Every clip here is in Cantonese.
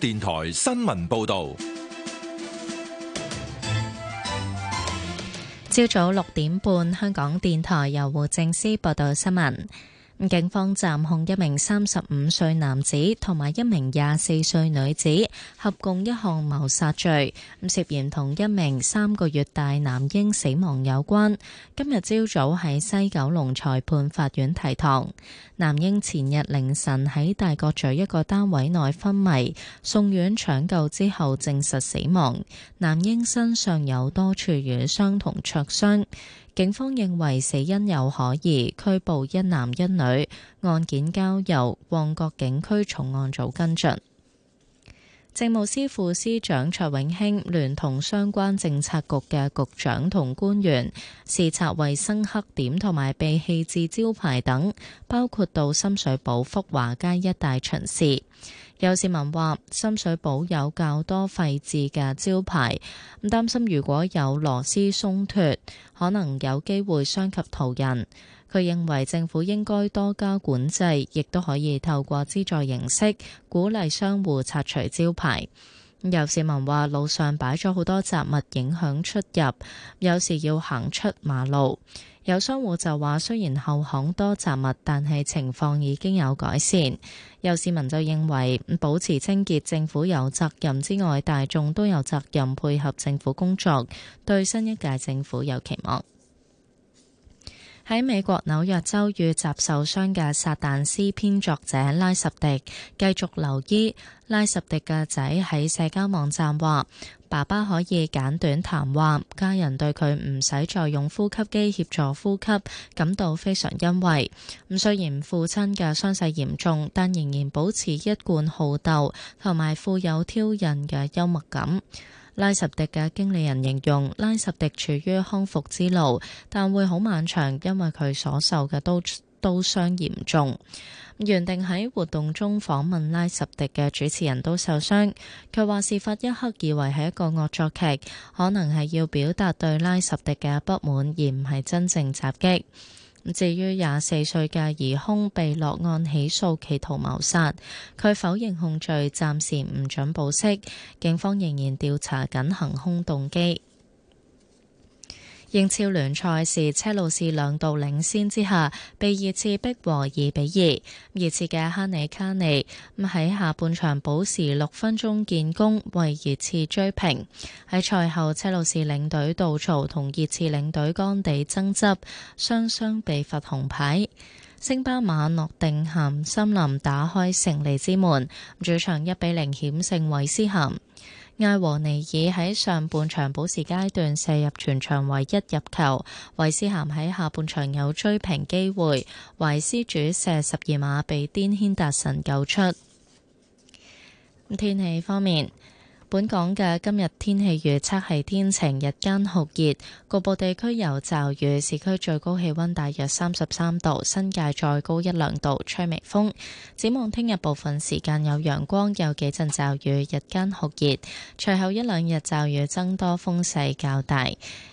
電台新聞報道。朝早六點半，香港電台由胡正思報道新聞。警方暫控一名三十五歲男子同埋一名廿四歲女子合共一項謀殺罪，咁涉嫌同一名三個月大男嬰死亡有關。今日朝早喺西九龍裁判法院提堂。男嬰前日凌晨喺大角咀一個單位內昏迷，送院搶救之後證實死亡。男嬰身上有多處瘀傷同灼傷。警方認為死因有可疑，拘捕一男一女。案件交由旺角警區重案組跟進。政務司副司長卓永興聯同相關政策局嘅局長同官員視察衞生黑點同埋被棄置招牌等，包括到深水埗福華街一帶巡視。有市民話：深水埗有較多廢置嘅招牌，咁擔心如果有螺絲鬆脱，可能有機會傷及途人。佢認為政府應該多加管制，亦都可以透過資助形式鼓勵商戶拆除招牌。有市民話：路上擺咗好多雜物，影響出入，有時要行出馬路。有商戶就話，雖然後巷多雜物，但係情況已經有改善。有市民就認為保持清潔，政府有責任之外，大眾都有責任配合政府工作，對新一屆政府有期望。喺美國紐約州遇襲受傷嘅撒旦詩篇作者拉什迪繼續留醫，拉什迪嘅仔喺社交網站話。爸爸可以簡短談話，家人對佢唔使再用呼吸機協助呼吸感到非常欣慰。咁雖然父親嘅傷勢嚴重，但仍然保持一貫好鬥同埋富有挑釁嘅幽默感。拉什迪嘅經理人形容，拉什迪處於康復之路，但會好漫長，因為佢所受嘅都。刀傷嚴重，原定喺活動中訪問拉什迪嘅主持人都受傷，佢話事發一刻以為係一個惡作劇，可能係要表達對拉什迪嘅不滿而唔係真正襲擊。至於廿四歲嘅疑兇被落案起訴企圖謀殺，佢否認控罪，暫時唔準保釋，警方仍然調查緊行兇動機。英超聯賽事，車路士兩度領先之下，被熱刺逼和二比二。熱刺嘅哈尼卡尼喺下半場補時六分鐘建功，為熱刺追平。喺賽後，車路士領隊杜曹同熱刺領隊干地爭執，雙雙被罰紅牌。升班馬諾定咸森林打開勝利之門，主場一比零險勝韋斯咸。艾和尼爾喺上半場補時階段射入全場唯一入球，韋斯咸喺下半場有追平機會，維斯主射十二碼被顛軒達臣救出。天氣方面。本港嘅今日天氣預測係天晴，日間酷熱，局部地區有驟雨。市區最高氣溫大約三十三度，新界再高一兩度，吹微風。展望聽日部分時間有陽光，有幾陣驟雨，日間酷熱。隨後一兩日驟雨增多，風勢較大。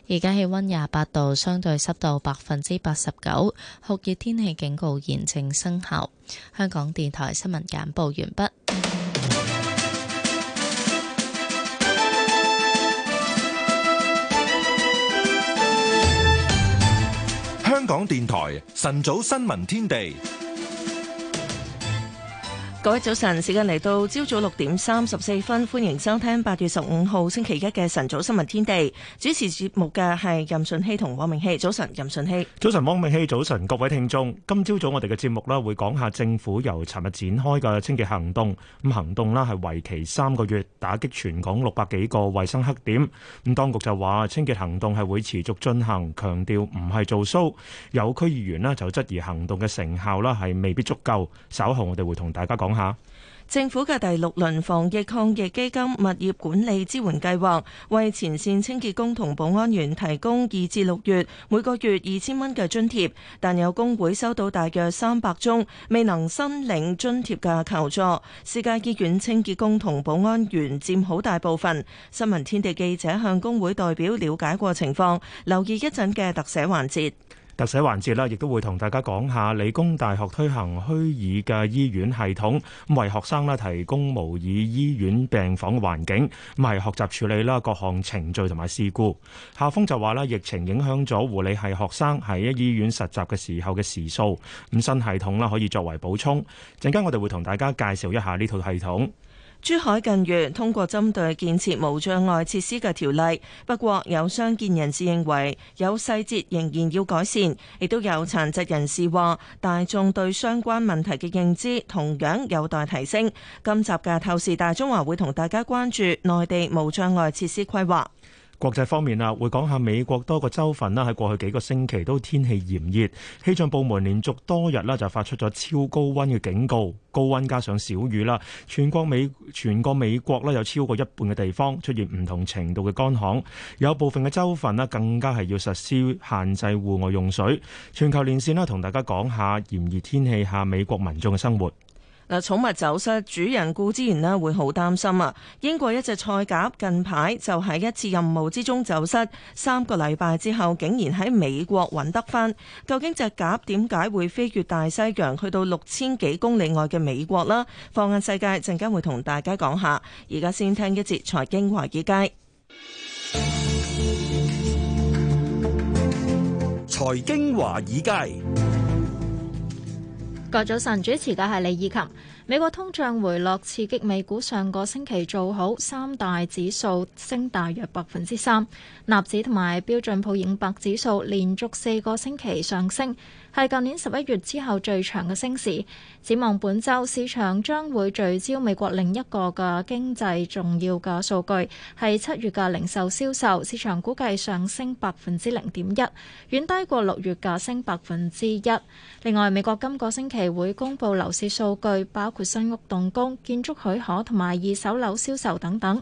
而家氣溫廿八度，相對濕度百分之八十九，酷熱天氣警告現正生效。香港電台新聞簡報完畢。香港電台晨早新聞天地。各位早晨，時間嚟到朝早六點三十四分，歡迎收聽八月十五號星期一嘅晨早新聞天地。主持節目嘅係任順熙同汪明熙。早晨，任順熙。早晨，汪明熙。早晨，各位聽眾，今朝早我哋嘅節目咧會講下政府由尋日展開嘅清潔行動。咁行動啦係為期三個月，打擊全港六百幾個衞生黑點。咁當局就話清潔行動係會持續進行，強調唔係做 show。有區議員咧就質疑行動嘅成效啦係未必足夠。稍後我哋會同大家講。政府嘅第六輪防疫抗疫基金物業管理支援計劃，為前線清潔工同保安員提供二至六月每個月二千蚊嘅津貼，但有工會收到大約三百宗未能申領津貼嘅求助。私家醫院清潔工同保安員佔好大部分。新聞天地記者向工會代表了解過情況，留意一陣嘅特寫環節。特寫環節啦，亦都會同大家講下理工大學推行虛擬嘅醫院系統，咁為學生啦提供模擬醫院病房嘅環境，咁係學習處理啦各項程序同埋事故。校方就話呢，疫情影響咗護理系學生喺醫院實習嘅時候嘅時數，咁新系統呢，可以作為補充。陣間我哋會同大家介紹一下呢套系統。珠海近月通過針對建設無障礙設施嘅條例，不過有傷健人士認為有細節仍然要改善，亦都有殘疾人士話大眾對相關問題嘅認知同樣有待提升。今集嘅透視大中華會同大家關注內地無障礙設施規劃。國際方面啊，會講下美國多個州份啦。喺過去幾個星期都天氣炎熱，氣象部門連續多日啦就發出咗超高温嘅警告。高温加上小雨啦，全國美全國美國咧有超過一半嘅地方出現唔同程度嘅乾旱，有部分嘅州份啦更加係要實施限制戶外用水。全球連線啦，同大家講下炎熱天氣下美國民眾嘅生活。嗱，寵物走失，主人顧之餘咧，會好擔心啊！英國一隻賽鴿近排就喺一次任務之中走失，三個禮拜之後，竟然喺美國揾得返。究竟隻鴿點解會飛越大西洋去到六千幾公里外嘅美國呢？放眼世界，陣間會同大家講下。而家先聽一節財經華爾街，財經華爾街。各早晨，主持嘅係李綺琴。美國通脹回落刺激美股，上個星期做好，三大指數升大約百分之三，納指同埋標準普爾五百指數連續四個星期上升。係舊年十一月之後最長嘅升市，展望本週市場將會聚焦美國另一個嘅經濟重要嘅數據，係七月嘅零售銷售市場估計上升百分之零點一，遠低過六月嘅升百分之一。另外，美國今個星期會公布樓市數據，包括新屋動工、建築許可同埋二手樓銷售等等。。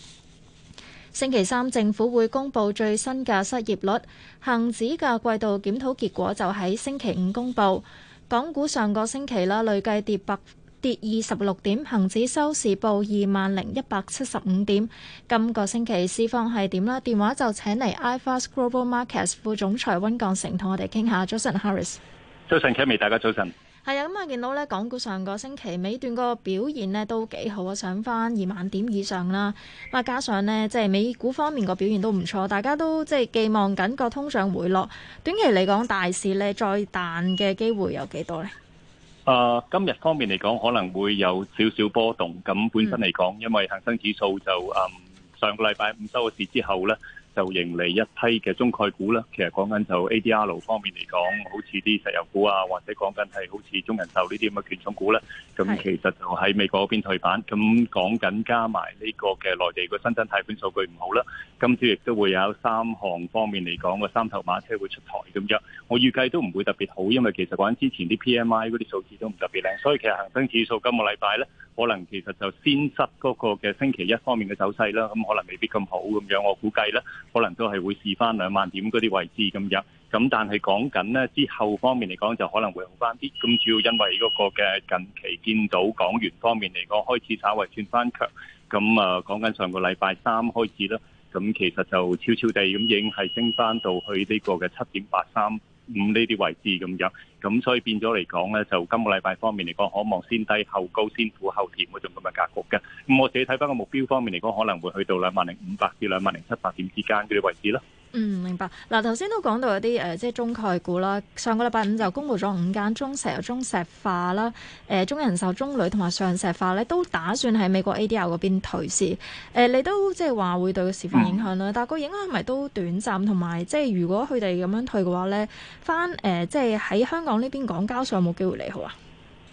星期三政府會公布最新嘅失業率，恆指嘅季度檢討結果就喺星期五公布。港股上個星期啦，累計跌百，跌二十六點，恆指收市報二萬零一百七十五點。今個星期市況係點啦？電話就請嚟 iFast Global Markets 副總裁温鋼成同我哋傾下。早晨，Harris。早晨 Kimmy，大家早晨。係啊，咁啊，見到咧，港股上個星期尾段個表現咧都幾好啊，上翻二萬點以上啦。嗱，加上咧，即係美股方面個表現都唔錯，大家都即係寄望緊個通脹回落。短期嚟講，大市咧再彈嘅機會有幾多咧？誒、啊，今日方面嚟講，可能會有少少波動。咁本身嚟講，嗯、因為恒生指數就誒、嗯、上個禮拜五收個市之後咧。就迎嚟一批嘅中概股啦，其實講緊就 ADR 方面嚟講，好似啲石油股啊，或者講緊係好似中人壽呢啲咁嘅權重股啦，咁是其實就喺美國嗰邊退版。咁講緊加埋呢個嘅內地個新增貸款數據唔好啦，今朝亦都會有三項方面嚟講個三頭馬車會出台咁樣，我預計都唔會特別好，因為其實講緊之前啲 PMI 嗰啲數字都唔特別靚，所以其實恒生指數今個禮拜咧，可能其實就先失嗰個嘅星期一方面嘅走勢啦，咁可能未必咁好咁樣，我估計咧。可能都係會試翻兩萬點嗰啲位置咁樣，咁但係講緊呢之後方面嚟講就可能會好翻啲，咁主要因為嗰個嘅近期見到港元方面嚟講開始稍微轉翻強，咁啊講緊上個禮拜三開始啦，咁其實就悄悄地咁已經係升翻到去呢個嘅七點八三五呢啲位置咁樣，咁所以變咗嚟講呢，就今個禮拜方面嚟講，可望先低後高，先苦後甜嗰種咁嘅格局嘅。咁我自己睇翻個目標方面嚟講，可能會去到兩萬零五百至兩萬零七百點之間嗰啲位置咯。嗯，明白。嗱，頭先都講到有啲誒，即係中概股啦。上個禮拜五就公布咗五間，中石油、中石化啦，誒、呃，中人壽、中旅同埋上石化咧，都打算喺美國 ADR 嗰邊退市。誒、呃，你都即係話會對個市況影響啦。但係個影響係咪都短暫？同埋即係如果佢哋咁樣退嘅話咧，翻誒、呃，即係喺香港呢邊港交所有冇機會嚟好啊？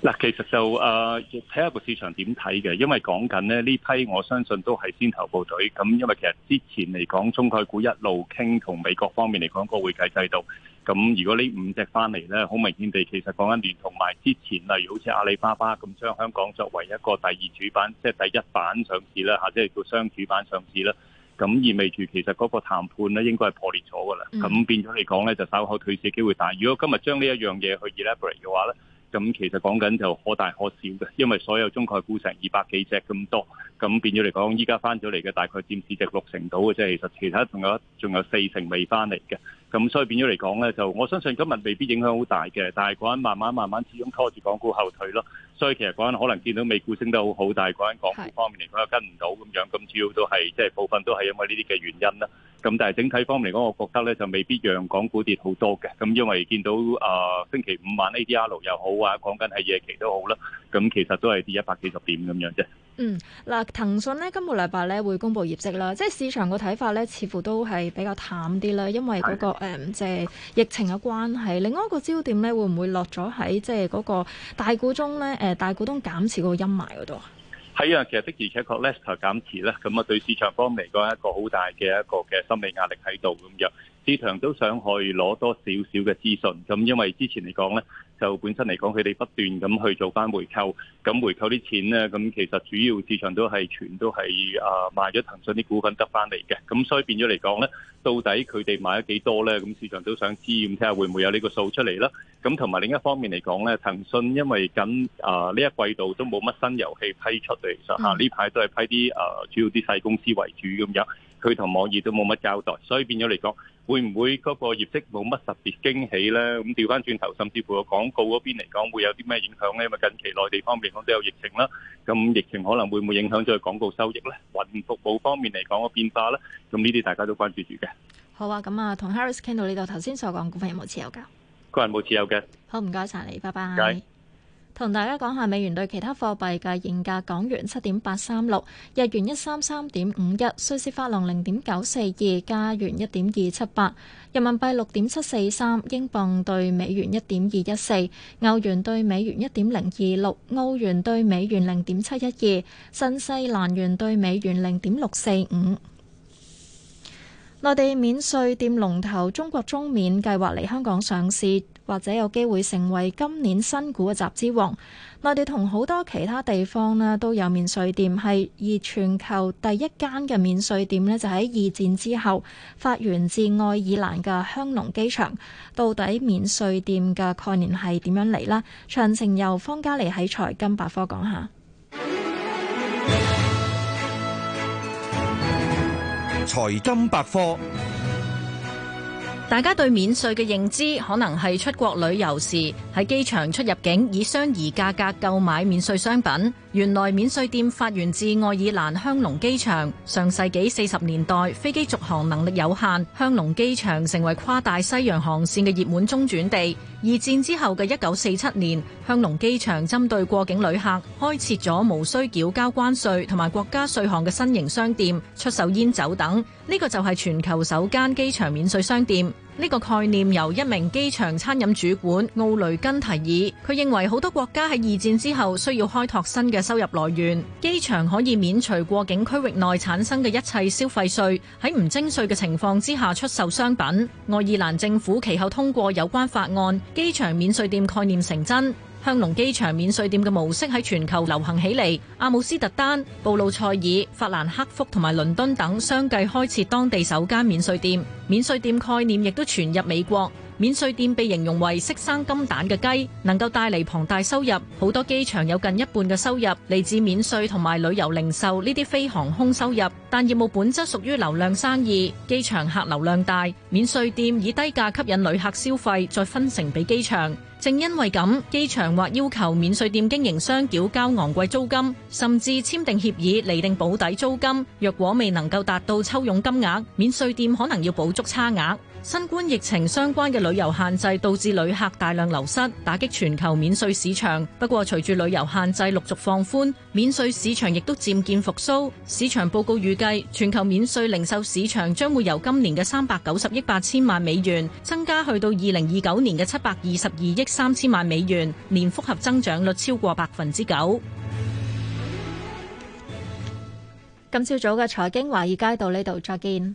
嗱，其實就啊，要睇下個市場點睇嘅，因為講緊咧呢批，我相信都係先頭部隊。咁因為其實之前嚟講，中概股一路傾同美國方面嚟講個會計制度。咁如果呢五隻翻嚟咧，好明顯地，其實講緊聯，同埋之前，例如好似阿里巴巴咁，將香港作為一個第二主板，即係第一板上市啦，吓，即係叫雙主板上市啦。咁意味住其實嗰個談判咧，應該係破裂咗噶啦。咁變咗嚟講咧，就稍後退市機會大。如果今日將呢一樣嘢去 elaborate 嘅話咧。咁其實講緊就可大可小嘅，因為所有中概股成二百幾隻咁多，咁變咗嚟講，依家返咗嚟嘅大概佔市值六成度嘅啫。其實其他仲有仲有四成未返嚟嘅。咁所以變咗嚟講咧，就我相信今日未必影響好大嘅，但係嗰陣慢慢慢慢，始終拖住港股後腿咯。所以其實嗰陣可能見到美股升得好好，但係嗰陣港股方面嚟講又跟唔到咁樣，咁是主要都係即係部分都係因為呢啲嘅原因啦。咁但係整體方面嚟講，我覺得咧就未必讓港股跌好多嘅。咁因為見到啊、呃、星期五晚 ADR 又好啊，講緊係夜期都好啦，咁、啊、其實都係跌一百幾十點咁樣啫。嗯，嗱、啊，騰訊咧今個禮拜咧會公布業績啦，即係市場個睇法咧似乎都係比較淡啲啦，因為嗰、那個。嗯誒、嗯，即係疫情嘅關係，另外一個焦點咧，會唔會落咗喺即係嗰個大股東咧？誒、呃，大股東減持嗰個陰霾嗰度啊？係啊，其實的而且確咧，減持咧，咁啊，對市場方面嚟講係一個好大嘅一個嘅心理壓力喺度咁樣，市場都想去攞多少少嘅資訊，咁因為之前嚟講咧。就本身嚟講，佢哋不斷咁去做翻回購，咁回購啲錢咧，咁其實主要市場都係全都係啊賣咗騰訊啲股份得翻嚟嘅，咁所以變咗嚟講咧，到底佢哋買咗幾多咧？咁市場都想知，咁睇下會唔會有呢個數出嚟啦。咁同埋另一方面嚟講咧，騰訊因為緊啊呢一季度都冇乜新遊戲批出嚟，實啊呢排都係批啲啊主要啲細公司為主咁樣，佢同網易都冇乜交代，所以變咗嚟講。會唔會嗰個業績冇乜特別驚喜咧？咁調翻轉頭，甚至乎個廣告嗰邊嚟講，會有啲咩影響咧？因為近期內地方面都都有疫情啦，咁疫情可能會唔會影響咗個廣告收益咧？雲服務方面嚟講嘅變化咧？咁呢啲大家都關注住嘅。好啊，咁啊，同 Harris 傾到呢度，頭先所講股份有冇持有噶？個人冇持有嘅。好，唔該晒你，拜拜。同大家講下美元對其他貨幣嘅現價：港元七點八三六，日元一三三點五一，瑞士法郎零點九四二，加元一點二七八，人民幣六點七四三，英鎊對美元一點二一四，歐元對美元一點零二六，澳元對美元零點七一二，新西蘭元對美元零點六四五。內地免稅店龍頭中國中免計劃嚟香港上市。或者有機會成為今年新股嘅集資王。內地同好多其他地方咧都有免稅店，係而全球第一間嘅免稅店咧就喺二戰之後發源自愛爾蘭嘅香農機場。到底免稅店嘅概念係點樣嚟啦？詳情由方嘉利喺財金百科講下。財金百科。大家對免稅嘅認知，可能係出國旅遊時喺機場出入境，以相宜價格購買免稅商品。原來免稅店發源自愛爾蘭香農機場。上世紀四十年代，飛機續航能力有限，香農機場成為跨大西洋航綫嘅熱門中轉地。二戰之後嘅一九四七年，香農機場針對過境旅客，開設咗無需繳交關稅同埋國家稅項嘅新型商店，出售煙酒等。呢、這個就係全球首間機場免稅商店。呢個概念由一名機場餐飲主管奧雷根提議，佢認為好多國家喺二戰之後需要開拓新嘅收入來源，機場可以免除過境區域內產生嘅一切消費稅，喺唔徵稅嘅情況之下出售商品。愛爾蘭政府其後通過有關法案，機場免稅店概念成真。香農機場免稅店嘅模式喺全球流行起嚟，阿姆斯特丹、布魯塞爾、法蘭克福同埋倫敦等相繼開設當地首間免稅店。免稅店概念亦都傳入美國，免稅店被形容為色生金蛋嘅雞，能夠帶嚟龐大收入。好多機場有近一半嘅收入嚟自免稅同埋旅遊零售呢啲非航空收入，但業務本質屬於流量生意。機場客流量大，免稅店以低價吸引旅客消費，再分成俾機場。正因為咁，機場或要求免稅店經營商繳交昂貴租金，甚至簽訂協議釐定保底租金。若果未能夠達到抽佣金額，免稅店可能要補足差額。新冠疫情相關嘅旅遊限制導致旅客大量流失，打擊全球免稅市場。不過，隨住旅遊限制陸續放寬，免稅市場亦都漸見復甦。市場報告預計，全球免稅零售市場將會由今年嘅三百九十億八千萬美元增加去到二零二九年嘅七百二十二億三千萬美元，年複合增長率超過百分之九。今朝早嘅財經華爾街到呢度再見。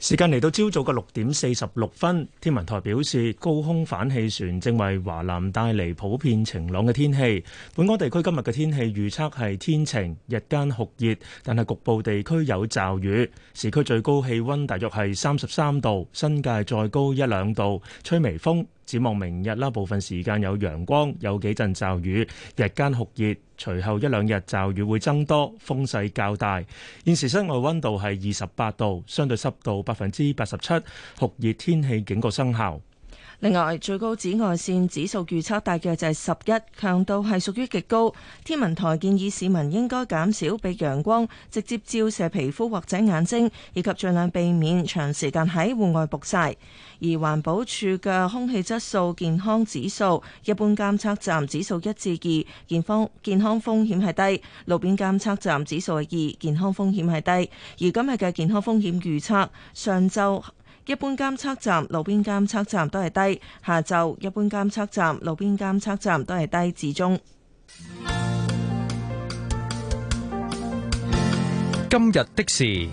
時間嚟到朝早嘅六點四十六分，天文台表示高空反氣旋正為華南帶嚟普遍晴朗嘅天氣。本港地區今日嘅天氣預測係天晴，日間酷熱，但係局部地區有驟雨。市區最高氣溫大約係三十三度，新界再高一兩度，吹微風。展望明日啦，部分時間有陽光，有幾陣驟雨，日間酷熱，隨後一兩日驟雨會增多，風勢較大。現時室外温度係二十八度，相對濕度百分之八十七，酷熱天氣警告生效。另外，最高紫外線指數預測大約就係十一，強度係屬於極高。天文台建議市民應該減少畀陽光直接照射皮膚或者眼睛，以及儘量避免長時間喺戶外曝曬。而環保署嘅空氣質素健康指數，一般監測站指數一至二，健康健康風險係低；路邊監測站指數係二，健康風險係低。而今日嘅健康風險預測，上晝，一般監測站、路邊監測站都係低。下晝一般監測站、路邊監測站都係低至中。今日的事，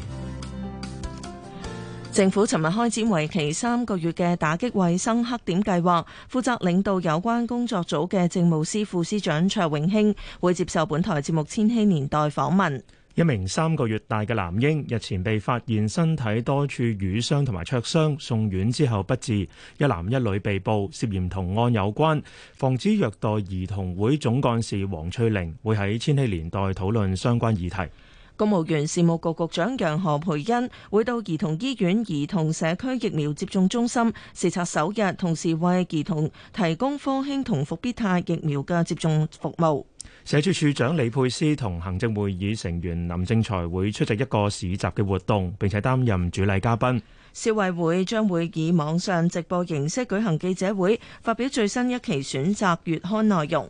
政府尋日開展為期三個月嘅打擊衞生黑點計劃，負責領導有關工作組嘅政務司副司長卓永興會接受本台節目《千禧年代》訪問。一名三個月大嘅男嬰日前被發現身體多處瘀傷同埋灼傷，送院之後不治。一男一女被捕，涉嫌同案有關。防止虐待兒童會總幹事黃翠玲會喺千禧年代討論相關議題。公務員事務局局長楊何蓓茵會到兒童醫院兒童社區疫苗接種中心視察首日，同時為兒童提供科興同復必泰疫苗嘅接種服務。社署署長李佩斯同行政會議成員林正財會出席一個市集嘅活動，並且擔任主禮嘉賓。消委會將會以網上直播形式舉行記者會，發表最新一期選擇月刊內容。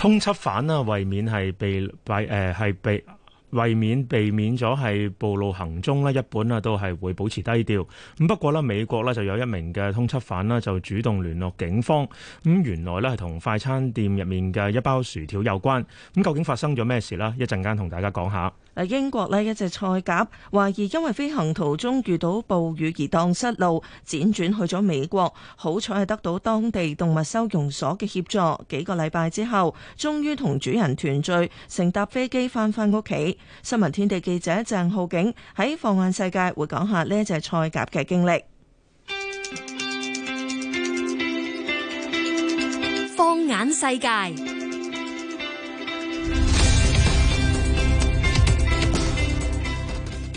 通緝犯啦，為免係被閉誒，係被為免避免咗係暴露行蹤咧，一般啊都係會保持低調。咁不過咧，美國咧就有一名嘅通緝犯咧就主動聯絡警方。咁原來咧係同快餐店入面嘅一包薯條有關。咁究竟發生咗咩事呢？一陣間同大家講下。喺英國呢一隻菜鴿懷疑因為飛行途中遇到暴雨而蕩失路，輾轉去咗美國。好彩係得到當地動物收容所嘅協助，幾個禮拜之後，終於同主人團聚，乘搭飛機返返屋企。新聞天地記者鄭浩景喺放眼世界會講下呢一隻菜鴿嘅經歷。放眼世界。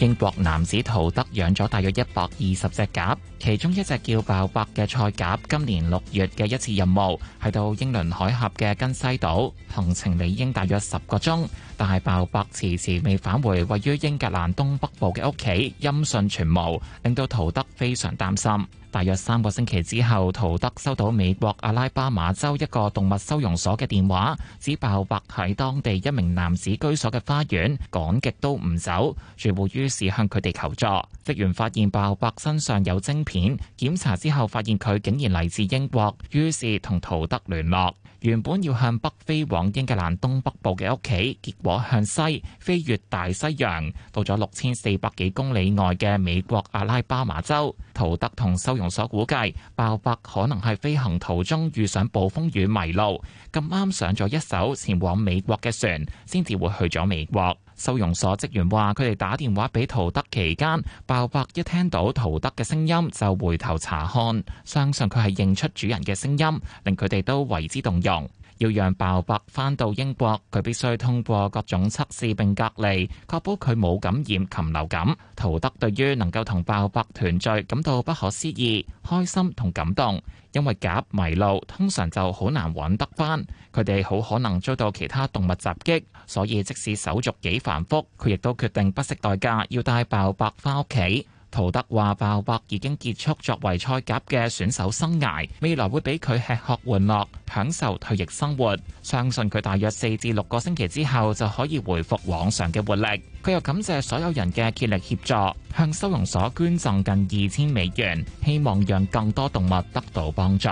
英國男子陶德養咗大約一百二十隻鴿，其中一隻叫爆白嘅菜鴿，今年六月嘅一次任務係到英倫海峽嘅根西島，行程理應大約十個鐘。但係鮑伯遲遲未返回位於英格蘭東北部嘅屋企，音訊全無，令到陶德非常擔心。大約三個星期之後，陶德收到美國阿拉巴馬州一個動物收容所嘅電話，指鮑伯喺當地一名男子居所嘅花園，趕極都唔走。住戶於是向佢哋求助，職員發現鮑伯身上有晶片，檢查之後發現佢竟然嚟自英國，於是同陶德聯絡。原本要向北飛往英格蘭東北部嘅屋企，結果向西飛越大西洋，到咗六千四百幾公里外嘅美國阿拉巴馬州。陶德同收容所估計，爆發可能係飛行途中遇上暴風雨迷路，咁啱上咗一艘前往美國嘅船，先至會去咗美國。收容所職員話，佢哋打電話俾陶德期間，鮑伯一聽到陶德嘅聲音就回頭查看，相信佢係認出主人嘅聲音，令佢哋都為之動容。要讓鮑伯返到英國，佢必須通過各種測試並隔離，確保佢冇感染禽流感。陶德對於能夠同鮑伯團聚感到不可思議、開心同感動，因為夾迷路通常就好難揾得翻，佢哋好可能遭到其他動物襲擊，所以即使手續幾繁複，佢亦都決定不惜代價要帶鮑伯返屋企。陶德話：爆破已經結束，作為賽鴿嘅選手生涯，未來會俾佢吃喝玩樂，享受退役生活。相信佢大約四至六個星期之後就可以回復往常嘅活力。佢又感謝所有人嘅竭力協助，向收容所捐贈近二千美元，希望讓更多動物得到幫助。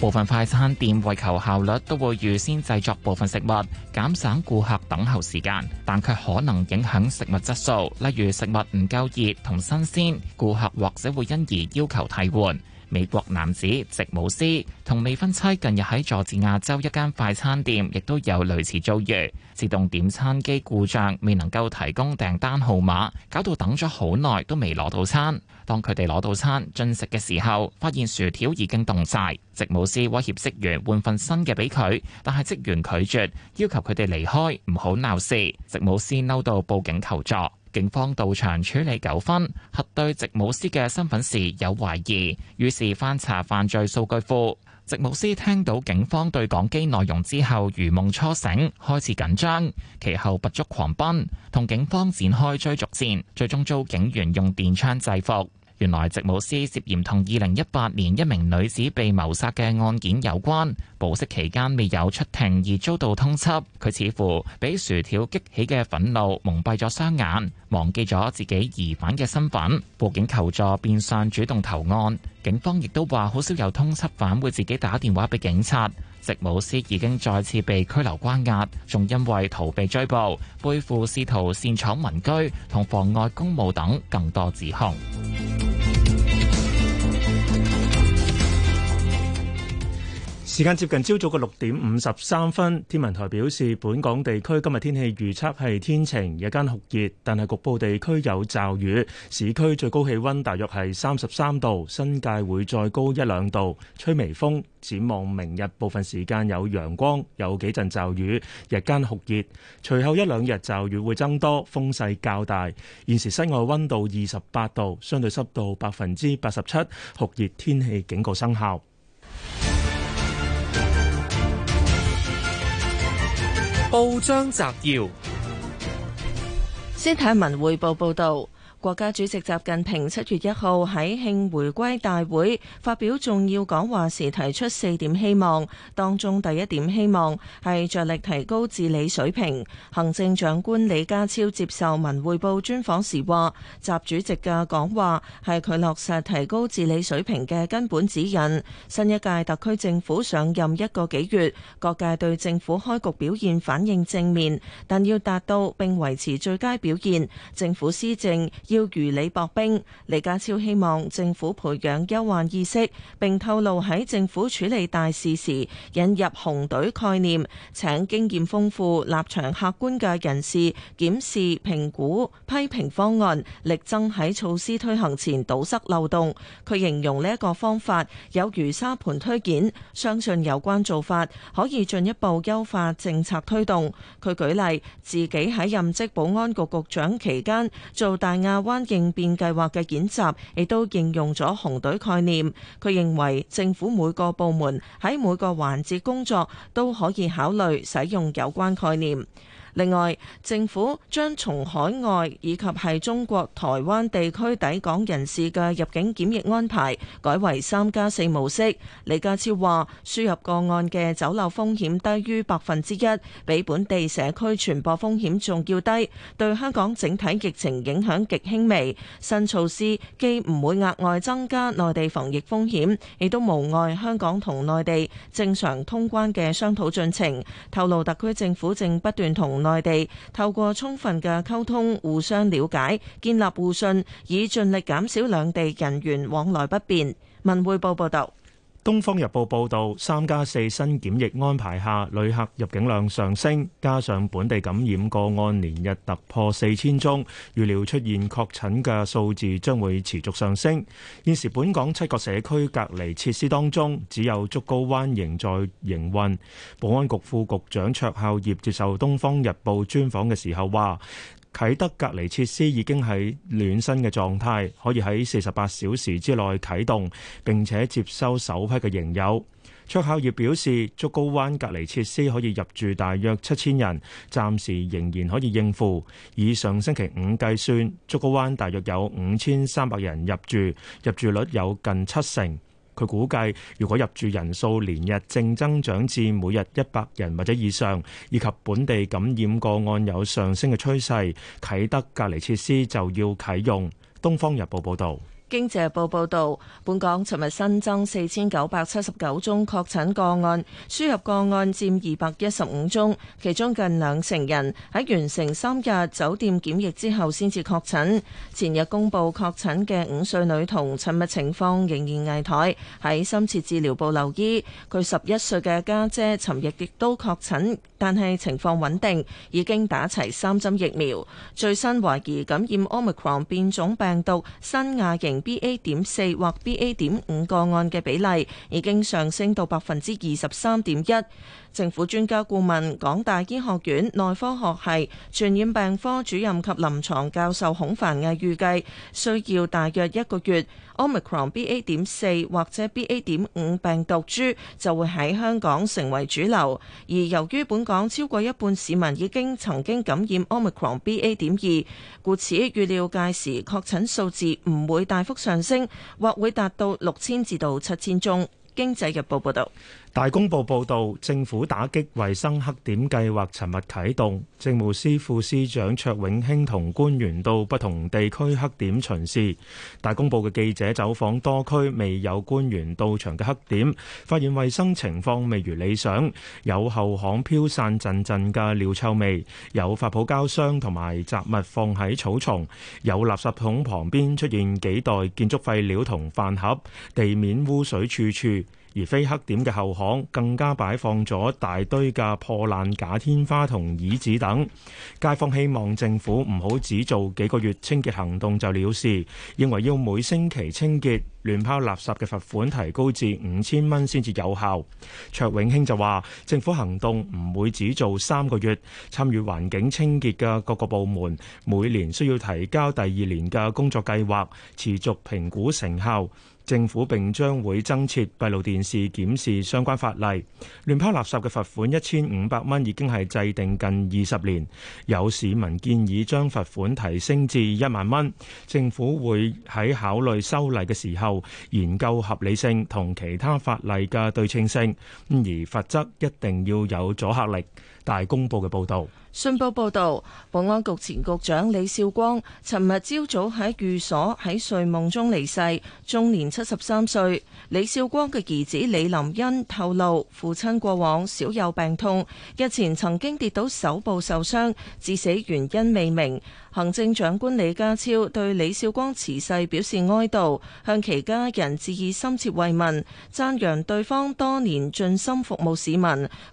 部分快餐店為求效率，都會預先製作部分食物，減省顧客等候時間，但卻可能影響食物質素，例如食物唔夠熱同新鮮，顧客或者會因而要求替換。美國男子席姆斯同未婚妻近日喺佐治亞州一間快餐店，亦都有類似遭遇，自動點餐機故障，未能夠提供訂單號碼，搞到等咗好耐都未攞到餐。當佢哋攞到餐進食嘅時候，發現薯條已經凍晒。席姆斯威脅職員換份新嘅俾佢，但係職員拒絕，要求佢哋離開，唔好鬧事。席姆斯嬲到報警求助，警方到場處理糾紛，核對席姆斯嘅身份時有懷疑，於是翻查犯罪數據庫。席姆斯聽到警方對講機內容之後如夢初醒，開始緊張，其後拔足狂奔，同警方展開追逐戰，最終遭警員用電槍制服。原來席姆斯涉嫌同二零一八年一名女子被謀殺嘅案件有關。保釋期間未有出庭而遭到通緝，佢似乎被薯條激起嘅憤怒蒙蔽咗雙眼，忘記咗自己疑犯嘅身份。報警求助變相主動投案，警方亦都話好少有通緝犯會自己打電話俾警察。席姆斯已經再次被拘留關押，仲因為逃避追捕，背負試圖擅闖民居同妨礙公務等更多指控。時間接近朝早嘅六點五十三分，天文台表示，本港地區今日天氣預測係天晴，日間酷熱，但係局部地區有驟雨。市區最高氣溫大約係三十三度，新界會再高一兩度，吹微風。展望明日部分時間有陽光，有幾陣驟雨，日間酷熱。隨後一兩日驟雨會增多，風勢較大。現時室外溫度二十八度，相對濕度百分之八十七，酷熱天氣警告生效。報章摘要，先睇文匯報報道。國家主席習近平七月一號喺慶回歸大會發表重要講話時提出四點希望，當中第一點希望係着力提高治理水平。行政長官李家超接受《文匯報》專訪時話：習主席嘅講話係佢落實提高治理水平嘅根本指引。新一屆特區政府上任一個幾月，各界對政府開局表現反應正面，但要達到並維持最佳表現，政府施政要如履薄冰。李家超希望政府培養憂患意識，並透露喺政府處理大事時引入紅隊概念，請經驗豐富、立場客觀嘅人士檢視、評估、批評方案，力爭喺措施推行前堵塞漏洞。佢形容呢一個方法有如沙盤推演，相信有關做法可以進一步優化政策推動，佢舉例自己喺任職保安局局長期間做大亞灣應變計劃嘅演習，亦都應用咗紅隊概念。佢認為政府每個部門喺每個環節工作，都可以考慮使用有關概念。另外，政府將從海外以及係中國台灣地區抵港人士嘅入境檢疫安排，改為三加四模式。李家超話輸入個案嘅走漏風險低於百分之一，比本地社區傳播風險仲要低，對香港整體疫情影響極輕微。新措施既唔會額外增加內地防疫風險，亦都無礙香港同內地正常通關嘅商討進程。透露特區政府正不斷同內內地透過充分嘅溝通，互相了解，建立互信，以盡力減少兩地人員往來不便。文匯報報道。《東方日報》報道，三加四新檢疫安排下，旅客入境量上升，加上本地感染個案連日突破四千宗，預料出現確診嘅數字將會持續上升。現時本港七個社區隔離設施當中，只有竹篙灣仍在營運。保安局副局長卓孝業接受《東方日報》專訪嘅時候話：啟德隔離設施已經係暖身嘅狀態，可以喺四十八小時之內啟動並且接收首批嘅營友。卓孝業表示，竹篙灣隔離設施可以入住大約七千人，暫時仍然可以應付。以上星期五計算，竹篙灣大約有五千三百人入住，入住率有近七成。佢估計，如果入住人數連日正增長至每日一百人或者以上，以及本地感染個案有上升嘅趨勢，啟德隔離設施就要啟用。《東方日報》報導。經濟日報報道，本港尋日新增四千九百七十九宗確診個案，輸入個案佔二百一十五宗，其中近兩成人喺完成三日酒店檢疫之後先至確診。前日公布確診嘅五歲女童，尋日情況仍然危殆，喺深切治療部留醫。佢十一歲嘅家姐尋日亦都確診，但係情況穩定，已經打齊三針疫苗。最新懷疑感染 Omicron 變種病毒新亞型。B A 點四或 B A 點五個案嘅比例已經上升到百分之二十三點一。政府專家顧問、港大醫學院內科學系傳染病科主任及臨床教授孔繁毅預計，需要大約一個月，Omicron BA. 點四或者 BA. 點五病毒株就會喺香港成為主流。而由於本港超過一半市民已經曾經感染 Omicron BA. 點二，故此預料屆時確診數字唔會大幅上升，或會達到六千至到七千宗。經濟日報報導。大公報報道，政府打擊衛生黑點計劃尋日啟動，政務司副司長卓永興同官員到不同地區黑點巡視。大公報嘅記者走訪多區未有官員到場嘅黑點，發現衛生情況未如理想，有後巷飄散陣陣嘅尿臭味，有發泡膠箱同埋雜物放喺草叢，有垃圾桶旁邊出現幾袋建築廢料同飯盒，地面污水處處。而非黑點嘅後巷，更加擺放咗大堆嘅破爛假天花同椅子等。街坊希望政府唔好只做幾個月清潔行動就了事，認為要每星期清潔，亂拋垃圾嘅罰款提高至五千蚊先至有效。卓永興就話，政府行動唔會只做三個月，參與環境清潔嘅各個部門每年需要提交第二年嘅工作計劃持續評估成效。政府並將會增設閉路電視檢視相關法例，亂拋垃圾嘅罰款一千五百蚊已經係制定近二十年，有市民建議將罰款提升至一萬蚊。政府會喺考慮修例嘅時候，研究合理性同其他法例嘅對稱性，而罰則一定要有阻嚇力。大公報嘅報導，信報報導，保安局前局長李少光，尋日朝早喺寓所喺睡夢中離世，終年七十三歲。李少光嘅兒子李林恩透露，父親過往少有病痛，日前曾經跌倒手部受傷，致死原因未明。行政長官李家超對李少光辭世表示哀悼，向其家人致以深切慰問，讚揚對方多年盡心服務市民，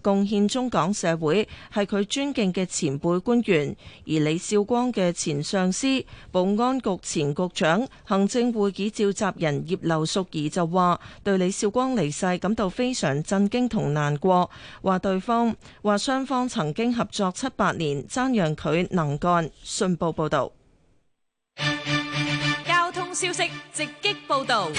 貢獻中港社會，係佢尊敬嘅前輩官員。而李少光嘅前上司、保安局前局長、行政會議召集人葉劉淑儀就話，對李少光離世感到非常震驚同難過，話對方話雙方曾經合作七八年，讚揚佢能幹、信步。報道，交通消息直擊報道。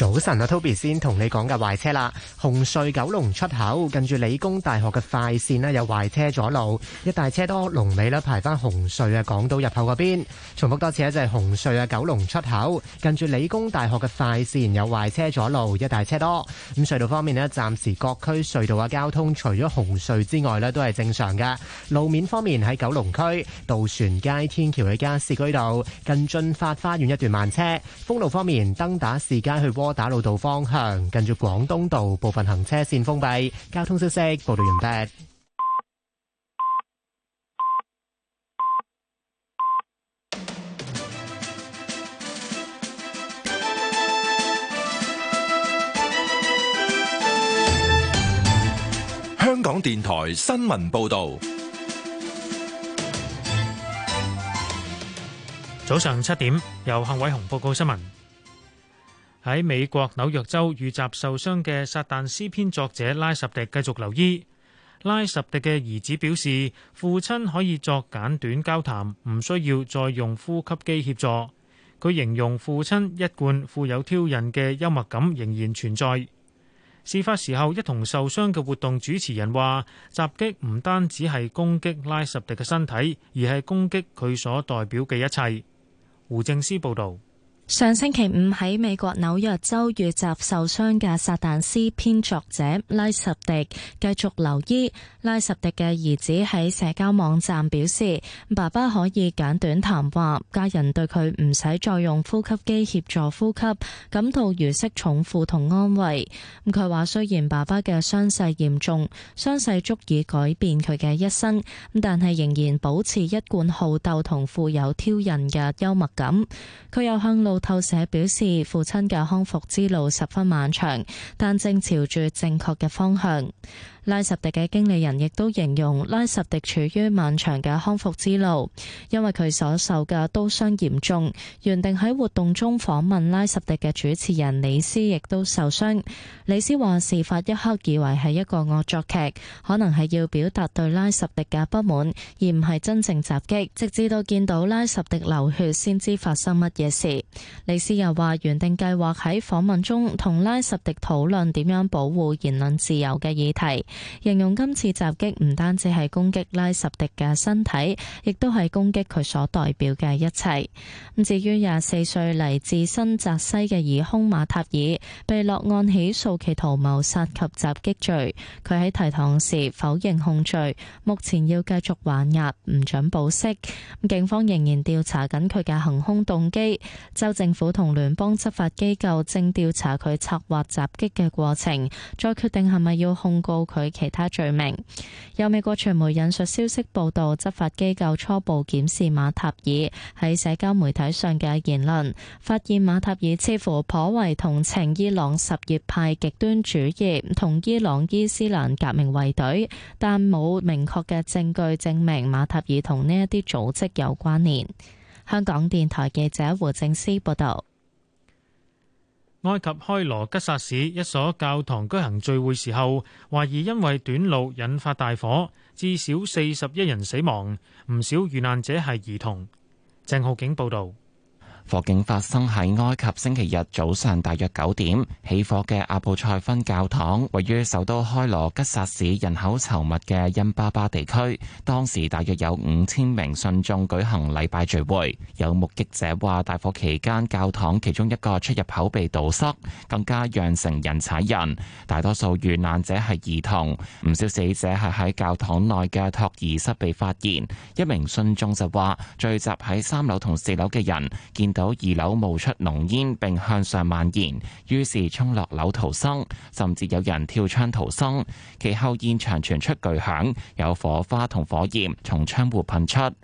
早晨啊，Toby 先同你講嘅壞車啦，紅隧九龍出口近住理工大學嘅快線咧有壞車阻路，一帶車多，龍尾咧排翻紅隧啊港島入口嗰邊。重複多次咧，就係紅隧啊九龍出口近住理工大學嘅快線有壞車阻路，一帶車多。咁隧道方面咧，暫時各區隧道嘅交通除咗紅隧之外咧都係正常嘅。路面方面喺九龍區渡船街天橋嘅加士居道近駿發花園一段慢車。封路方面，登打士街去窩。打老道方向近住廣東道部分行車線封閉，交通消息報道完畢。香港電台新聞報道，早上七點由幸偉雄報告新聞。喺美國紐約州遇襲受傷嘅《撒旦詩篇》作者拉什迪繼續留醫。拉什迪嘅兒子表示，父親可以作簡短交談，唔需要再用呼吸機協助。佢形容父親一貫富有挑釁嘅幽默感仍然存在。事發時候一同受傷嘅活動主持人話，襲擊唔單止係攻擊拉什迪嘅身體，而係攻擊佢所代表嘅一切。胡正思報道。上星期五喺美國紐約州遇襲受傷嘅撒旦斯編作者拉什迪繼續留醫。拉什迪嘅兒子喺社交網站表示，爸爸可以簡短談話，家人對佢唔使再用呼吸機協助呼吸，感到如釋重負同安慰。佢話雖然爸爸嘅傷勢嚴重，傷勢足以改變佢嘅一生，但係仍然保持一貫好鬥同富有挑釁嘅幽默感。佢又向路。透社表示，父親嘅康復之路十分漫長，但正朝住正確嘅方向。拉什迪嘅經理人亦都形容拉什迪處於漫長嘅康復之路，因為佢所受嘅刀傷嚴重。原定喺活動中訪問拉什迪嘅主持人李斯亦都受傷。李斯話事發一刻以為係一個惡作劇，可能係要表達對拉什迪嘅不滿，而唔係真正襲擊。直至到見到拉什迪流血，先知發生乜嘢事。李斯又話原定計劃喺訪問中同拉什迪討論點樣保護言論自由嘅議題。形容今次襲擊唔單止係攻擊拉什迪嘅身體，亦都係攻擊佢所代表嘅一切。咁至於廿四歲嚟自新澤西嘅疑兇馬塔爾被落案起訴，企圖謀殺及襲擊罪。佢喺提堂時否認控罪，目前要繼續還押，唔准保釋。警方仍然調查緊佢嘅行兇動機，州政府同聯邦執法機構正調查佢策劃襲擊嘅過程，再決定係咪要控告佢。其他罪名，有美國傳媒引述消息報道，執法機構初步檢視馬塔爾喺社交媒體上嘅言論，發現馬塔爾似乎頗為同情伊朗什葉派極端主義同伊朗伊斯蘭革命衛隊，但冇明確嘅證據證明馬塔爾同呢一啲組織有關聯。香港電台記者胡正思報道。埃及開羅吉薩市一所教堂舉行聚會時候，懷疑因為短路引發大火，至少四十一人死亡，唔少遇難者係兒童。鄭浩景報道。火警發生喺埃及星期日早上，大約九點起火嘅阿布賽芬教堂，位於首都開羅吉薩市人口稠密嘅恩巴巴地區。當時大約有五千名信眾舉行禮拜聚會。有目擊者話，大火期間教堂其中一個出入口被堵塞，更加讓釀成人踩人。大多數遇難者係兒童，唔少死者係喺教堂內嘅托兒室被發現。一名信眾就話，聚集喺三樓同四樓嘅人見到。有二樓冒出濃煙，並向上蔓延，於是衝落樓逃生，甚至有人跳窗逃生。其後現場傳出巨響，有火花同火焰從窗戶噴出。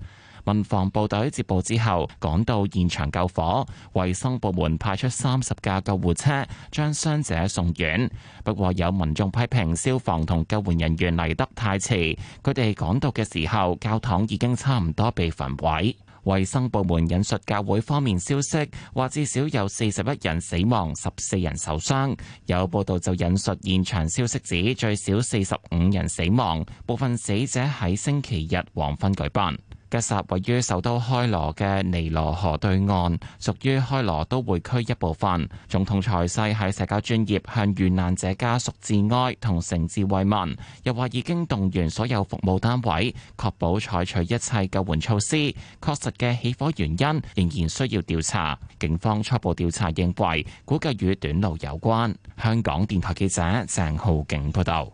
民防部隊接報之後，趕到現場救火。衛生部門派出三十架救護車，將傷者送院。不過有民眾批評消防同救援人員嚟得太遲，佢哋趕到嘅時候，教堂已經差唔多被焚毀。衛生部門引述教會方面消息，話至少有四十一人死亡，十四人受傷。有報道就引述現場消息指，指最少四十五人死亡，部分死者喺星期日黃昏舉辦。吉薩位於首都開羅嘅尼羅河對岸，屬於開羅都會區一部分。總統塞西喺社交專業向遇難者家屬致哀同誠摯慰問，又話已經動員所有服務單位，確保採取一切救援措施。確實嘅起火原因仍然需要調查。警方初步調查認為，估計與短路有關。香港電台記者鄭浩景報道。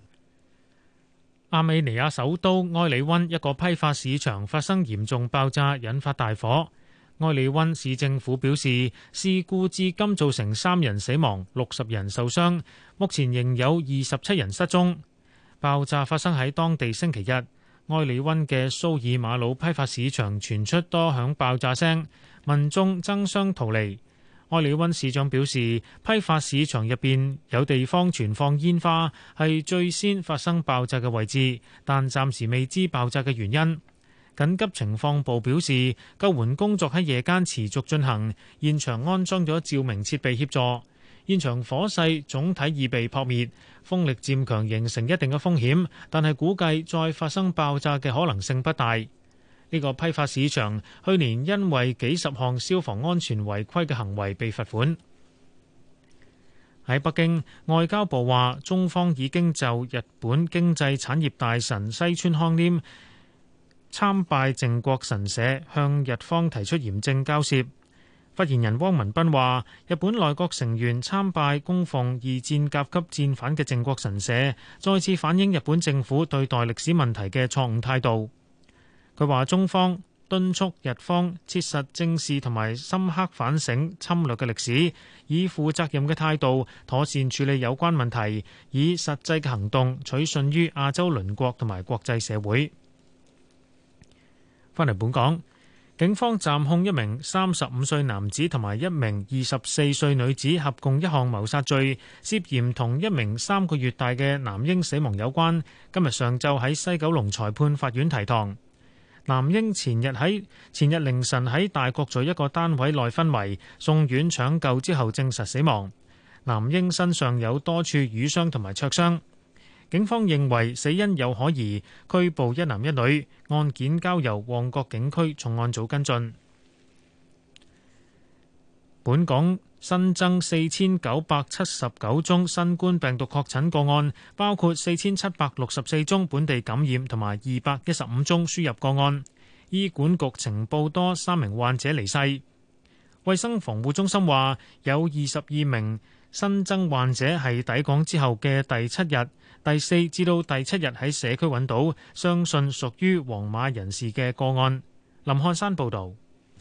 亞美尼亞首都埃里温一個批發市場發生嚴重爆炸，引發大火。埃里温市政府表示，事故至今造成三人死亡、六十人受傷，目前仍有二十七人失蹤。爆炸發生喺當地星期日，埃里温嘅蘇爾馬魯批發市場傳出多響爆炸聲，民眾爭相逃離。埃里溫市長表示，批發市場入邊有地方存放煙花，係最先發生爆炸嘅位置，但暫時未知爆炸嘅原因。緊急情況部表示，救援工作喺夜間持續進行，現場安裝咗照明設備協助。現場火勢總體已被撲滅，風力漸強，形成一定嘅風險，但係估計再發生爆炸嘅可能性不大。呢個批發市場去年因為幾十項消防安全違規嘅行為被罰款。喺北京，外交部話中方已經就日本經濟產業大臣西村康稔參拜靖國神社向日方提出嚴正交涉。發言人汪文斌話：日本內閣成員參拜供奉二戰甲級戰犯嘅靖國神社，再次反映日本政府對待歷史問題嘅錯誤態度。佢話：中方敦促日方切實正視同埋深刻反省侵略嘅歷史，以負責任嘅態度妥善處理有關問題，以實際嘅行動取信於亞洲鄰國同埋國際社會。翻嚟本港，警方暫控一名三十五歲男子同埋一名二十四歲女子合共一項謀殺罪，涉嫌同一名三個月大嘅男嬰死亡有關。今日上晝喺西九龍裁判法院提堂。男嬰前日喺前日凌晨喺大角咀一個單位內昏迷，送院搶救之後證實死亡。男嬰身上有多處瘀傷同埋灼傷，警方認為死因有可疑，拘捕一男一女，案件交由旺角警區重案組跟進。本港。新增四千九百七十九宗新冠病毒確診個案，包括四千七百六十四宗本地感染同埋二百一十五宗輸入個案。醫管局呈報，多三名患者離世。衛生防護中心話，有二十二名新增患者係抵港之後嘅第七日，第四至到第七日喺社區揾到，相信屬於黃碼人士嘅個案。林漢山報道。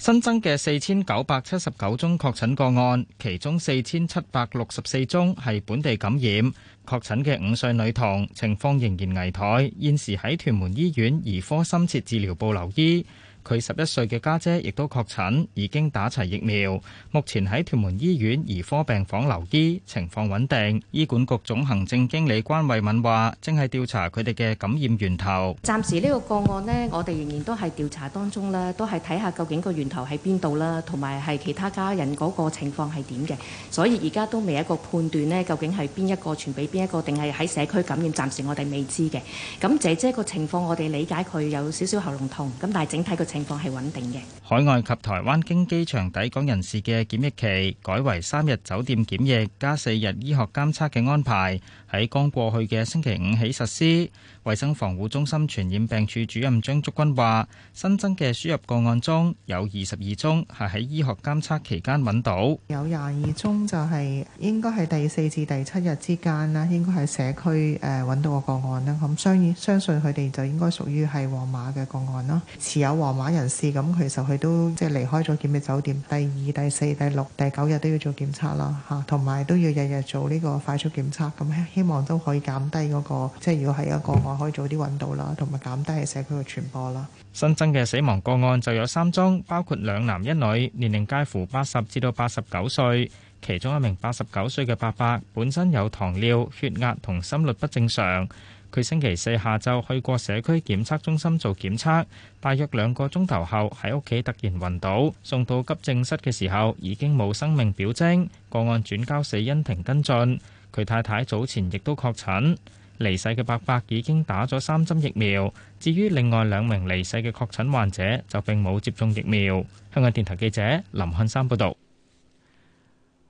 新增嘅四千九百七十九宗確診個案，其中四千七百六十四宗係本地感染。確診嘅五歲女童情況仍然危殆，現時喺屯門醫院兒科深切治療部留醫。佢十一歲嘅家姐亦都確診，已經打齊疫苗，目前喺屯門醫院兒科病房留醫，情況穩定。醫管局總行政經理關慧敏話：正係調查佢哋嘅感染源頭。暫時呢個個案呢，我哋仍然都係調查當中啦，都係睇下究竟個源頭喺邊度啦，同埋係其他家人嗰個情況係點嘅。所以而家都未一個判斷呢，究竟係邊一個傳俾邊一個，定係喺社區感染？暫時我哋未知嘅。咁姐姐個情況，我哋理解佢有少少喉嚨痛，咁但係整體個情況係穩定嘅。海外及台灣經機場抵港人士嘅檢疫期，改為三日酒店檢疫加四日醫學監測嘅安排，喺剛過去嘅星期五起實施。衛生防護中心傳染病處主任張竹君話：新增嘅輸入個案中有二十二宗係喺醫學監測期間揾到有廿二宗就係應該係第四至第七日之間啦，應該喺社區誒揾到個個案啦。咁相相，信佢哋就應該屬於係黃碼嘅個案啦。持有黃碼人士咁，其實佢都即係離開咗檢疫酒店，第二、第四、第六、第九日都要做檢測啦，吓，同埋都要日日做呢個快速檢測。咁希望都可以減低嗰、那個，即係如果係一個，個。可以早啲揾到啦，同埋減低社區嘅傳播啦。新增嘅死亡個案就有三宗，包括兩男一女，年齡介乎八十至到八十九歲，其中一名八十九歲嘅伯伯本身有糖尿、血壓同心率不正常。佢星期四下晝去過社區檢測中心做檢測，大約兩個鐘頭後喺屋企突然暈倒，送到急症室嘅時候已經冇生命表徵。個案轉交死因庭跟進，佢太太早前亦都確診。離世嘅伯伯已經打咗三針疫苗。至於另外兩名離世嘅確診患者，就並冇接種疫苗。香港電台記者林漢山報道。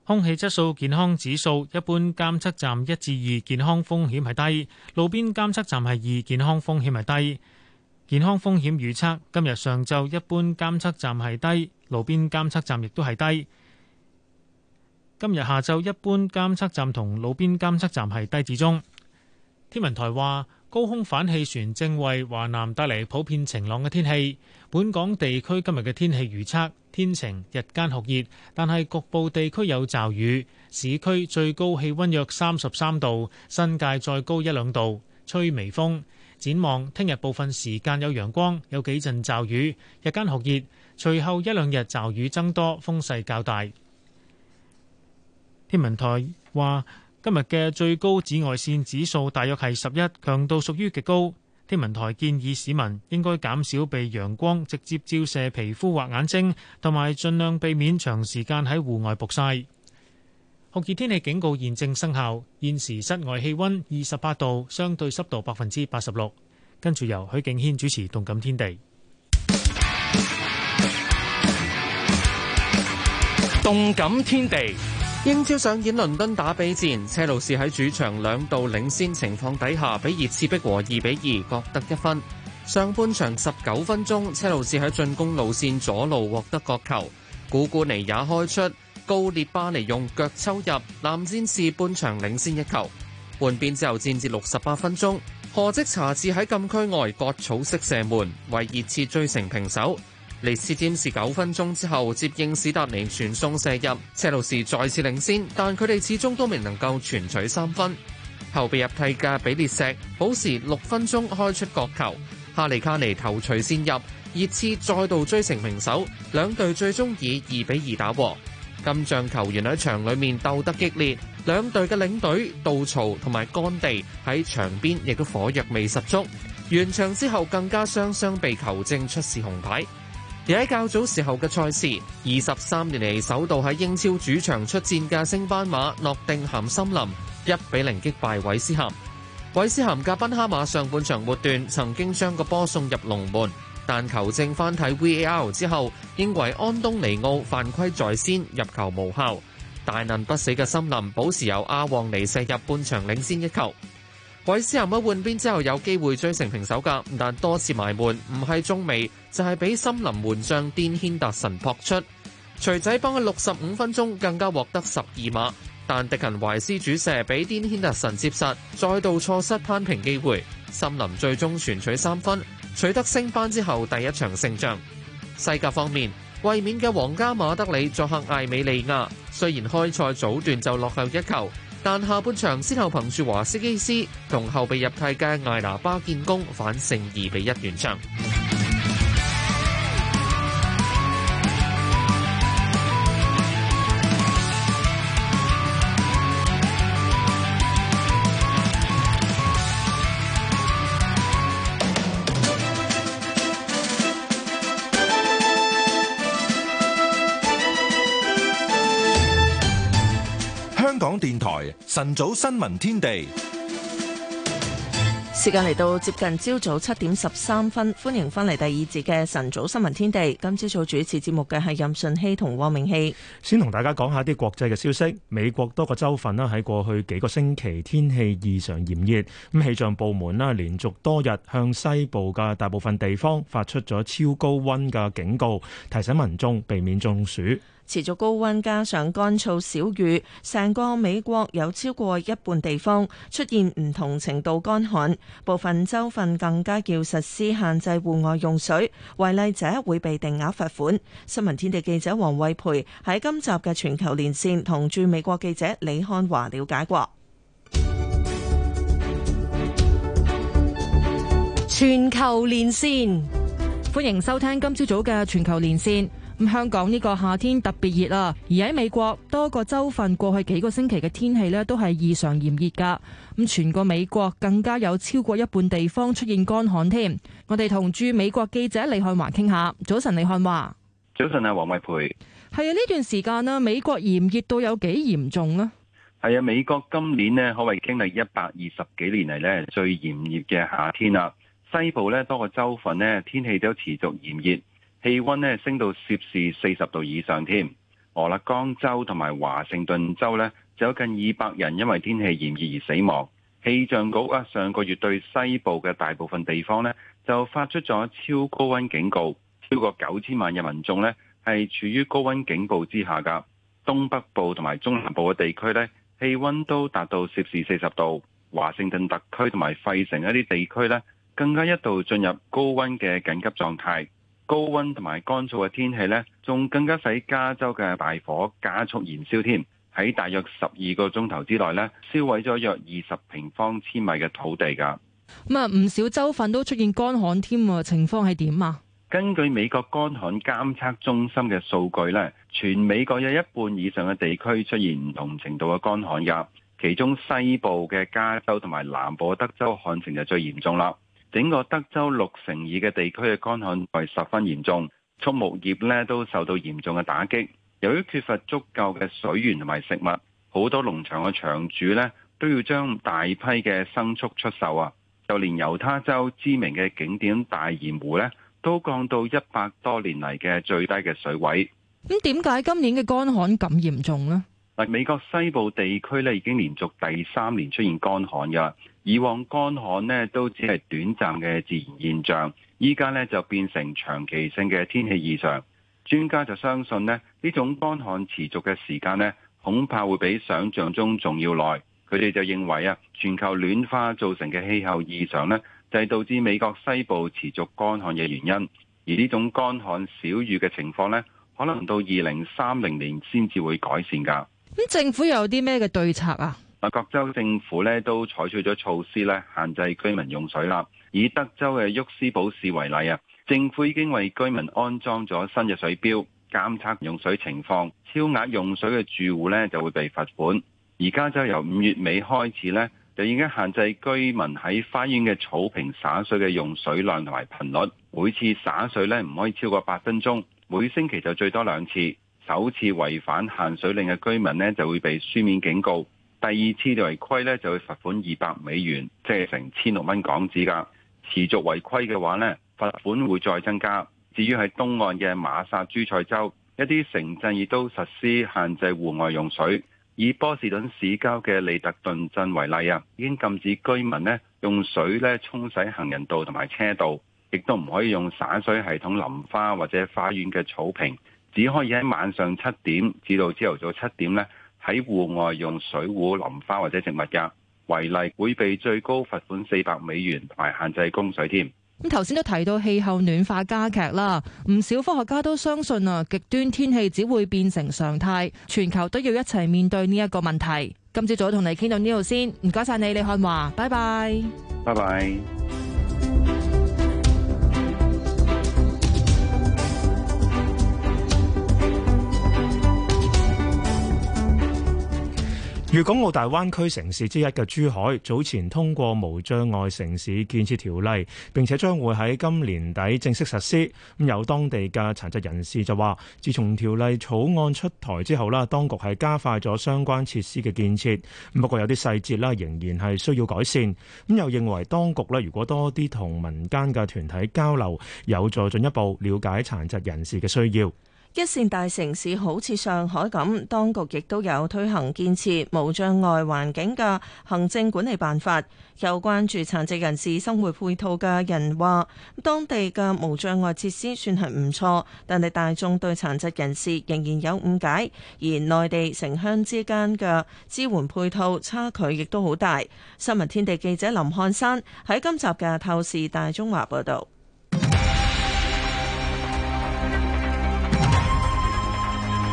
空氣質素健康指數，一般監測站一至二，健康風險係低；路邊監測站係二，健康風險係低。健康風險預測今日上晝一般監測站係低，路邊監測站亦都係低。今日下晝一般監測站同路邊監測站係低至中。天文台話，高空反氣旋正為華南帶嚟普遍晴朗嘅天氣。本港地區今日嘅天氣預測：天晴，日間酷熱，但係局部地區有驟雨。市區最高氣温約三十三度，新界再高一兩度，吹微風。展望聽日部分時間有陽光，有幾陣驟雨，日間酷熱。隨後一兩日驟雨增多，風勢較大。天文台話。今日嘅最高紫外線指數大約係十一，強度屬於極高。天文台建議市民應該減少被陽光直接照射皮膚或眼睛，同埋盡量避免長時間喺戶外曝晒。酷熱天氣警告現正生效，現時室外氣温二十八度，相對濕度百分之八十六。跟住由許敬軒主持《動感天地》，《動感天地》。英超上演倫敦打比戰，車路士喺主場兩度領先情況底下，比熱刺逼和二比二各得一分。上半場十九分鐘，車路士喺進攻路線左路獲得角球，古古尼也開出，高列巴尼用腳抽入，藍戰士半場領先一球。換邊之後戰至六十八分鐘，何即查治喺禁區外割草式射門，為熱刺追成平手。利斯占士九分鐘之後接應史達尼傳送射入，車路士再次領先，但佢哋始終都未能夠全取三分。後備入替嘅比列石補時六分鐘開出角球，哈利卡尼頭槌先入，熱刺再度追成平手。兩隊最終以二比二打和。金像球員喺場裏面鬥得激烈，兩隊嘅領隊杜曹同埋干地喺場邊亦都火藥味十足。完場之後更加雙雙被球證出示紅牌。而喺較早時候嘅賽事，二十三年嚟首度喺英超主場出戰嘅升班馬諾定咸森林，一比零擊敗韋斯咸。韋斯咸嘅賓哈馬上半場末段曾經將個波送入龍門，但球證翻睇 V A R 之後，認為安東尼奧犯規在先，入球無效。大難不死嘅森林保持由阿旺尼射入半場領先一球。韋斯咸一換邊之後有機會追成平手格，但多次埋門，唔係中楣，就係、是、俾森林門將顛軒達臣撲出。錘仔幫佢六十五分鐘更加獲得十二碼，但迪勤懷斯主射俾顛軒達臣接殺，再度錯失攀平機會。森林最終全取三分，取得升班之後第一場勝仗。西甲方面，衛冕嘅皇家馬德里作客艾美利亞，雖然開賽早段就落後一球。但下半場先後憑住華斯基斯同後備入替嘅艾拿巴建功，反勝二比一完場。晨早新聞天地，時間嚟到接近朝早七點十三分，歡迎翻嚟第二節嘅晨早新聞天地。今朝早主持節目嘅係任順熙同汪明熙。先同大家講下啲國際嘅消息。美國多個州份啦喺過去幾個星期天氣異常炎熱，咁氣象部門啦連續多日向西部嘅大部分地方發出咗超高温嘅警告，提醒民眾避免中暑。持續高温加上乾燥少雨，成個美國有超過一半地方出現唔同程度乾旱，部分州份更加要實施限制戶外用水，違例者會被定額罰款。新聞天地記者王惠培喺今集嘅全球連線同駐美國記者李漢華了解過。全球連線，歡迎收聽今朝早嘅全球連線。香港呢個夏天特別熱啦，而喺美國多個州份過去幾個星期嘅天氣呢都係異常炎熱噶。咁全個美國更加有超過一半地方出現乾旱添。我哋同駐美國記者李漢華傾下。早晨，李漢華。早晨啊，黃偉培。係啊，呢段時間啦，美國炎熱到有幾嚴重啊？係啊，美國今年呢，可謂經歷一百二十幾年嚟呢最炎熱嘅夏天啦。西部呢，多個州份呢，天氣都持續炎熱。氣温咧升到攝氏四十度以上添，俄勒岡州同埋華盛頓州咧，就有近二百人因為天氣炎熱而死亡。氣象局啊，上個月對西部嘅大部分地方咧，就發出咗超高温警告，超過九千萬嘅民眾咧係處於高温警報之下。噶東北部同埋中南部嘅地區咧，氣温都達到攝氏四十度。華盛頓特區同埋費城一啲地區咧，更加一度進入高温嘅緊急狀態。高温同埋乾燥嘅天氣呢，仲更加使加州嘅大火加速燃燒添。喺大約十二個鐘頭之內呢，燒毀咗約二十平方千米嘅土地噶。咁啊，唔少州份都出現乾旱添喎，情況係點啊？根據美國乾旱監測中心嘅數據呢，全美國有一半以上嘅地區出現唔同程度嘅乾旱噶，其中西部嘅加州同埋南部德州旱情就最嚴重啦。整個德州六成二嘅地區嘅乾旱係十分嚴重，畜牧業呢都受到嚴重嘅打擊。由於缺乏足夠嘅水源同埋食物，好多農場嘅場主呢都要將大批嘅牲畜出售啊！就連猶他州知名嘅景點大鹽湖呢都降到一百多年嚟嘅最低嘅水位。咁點解今年嘅乾旱咁嚴重呢？嗱，美國西部地區呢已經連續第三年出現乾旱㗎。以往乾旱呢都只係短暫嘅自然現象，依家呢就變成長期性嘅天氣異常。專家就相信呢，呢種乾旱持續嘅時間呢恐怕會比想象中仲要耐。佢哋就認為啊，全球暖化造成嘅氣候異常呢，就係導致美國西部持續乾旱嘅原因。而呢種乾旱少雨嘅情況呢，可能到二零三零年先至會改善噶。政府有啲咩嘅對策啊？各州政府咧都採取咗措施咧，限制居民用水啦。以德州嘅沃斯堡市為例啊，政府已經為居民安裝咗新嘅水表，監測用水情況。超額用水嘅住戶咧就會被罰款。而加州由五月尾開始咧，就已經限制居民喺花園嘅草坪灑水嘅用水量同埋頻率，每次灑水咧唔可以超過八分鐘，每星期就最多兩次。首次違反限水令嘅居民咧就會被書面警告。第二次就違規咧，就會罰款二百美元，即係成千六蚊港紙噶。持續違規嘅話咧，罰款會再增加。至於喺東岸嘅馬薩諸塞州一啲城鎮，亦都實施限制戶外用水。以波士頓市郊嘅利特頓鎮為例啊，已經禁止居民咧用水咧沖洗行人道同埋車道，亦都唔可以用灑水系統淋花或者花園嘅草坪，只可以喺晚上七點至到朝頭早七點咧。喺戶外用水壺淋花或者植物嘅違例，會被最高罰款四百美元，同埋限制供水添。咁頭先都提到氣候暖化加劇啦，唔少科學家都相信啊，極端天氣只會變成常態，全球都要一齊面對呢一個問題。今朝早同你傾到呢度先，唔該晒，你李漢華，拜拜，拜拜。粵港澳大灣區城市之一嘅珠海，早前通過《無障礙城市建設條例》，並且將會喺今年底正式實施。咁有當地嘅殘疾人士就話，自從條例草案出台之後啦，當局係加快咗相關設施嘅建設。不過有啲細節咧，仍然係需要改善。咁又認為當局咧，如果多啲同民間嘅團體交流，有助進一步了解殘疾人士嘅需要。一線大城市好似上海咁，當局亦都有推行建設無障礙環境嘅行政管理辦法。有關注殘疾人士生活配套嘅人話，當地嘅無障礙設施算係唔錯，但係大眾對殘疾人士仍然有誤解，而內地城鄉之間嘅支援配套差距亦都好大。新聞天地記者林漢山喺今集嘅《透視大中華》報道。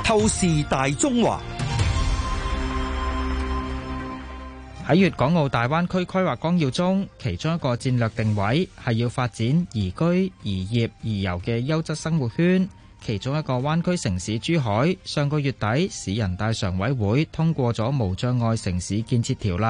透視大中華。喺粵港澳大灣區規劃綱要中，其中一個戰略定位係要發展宜居、宜業、宜遊嘅優質生活圈。其中一個灣區城市珠海，上個月底市人大常委會通過咗《無障礙城市建設條例》，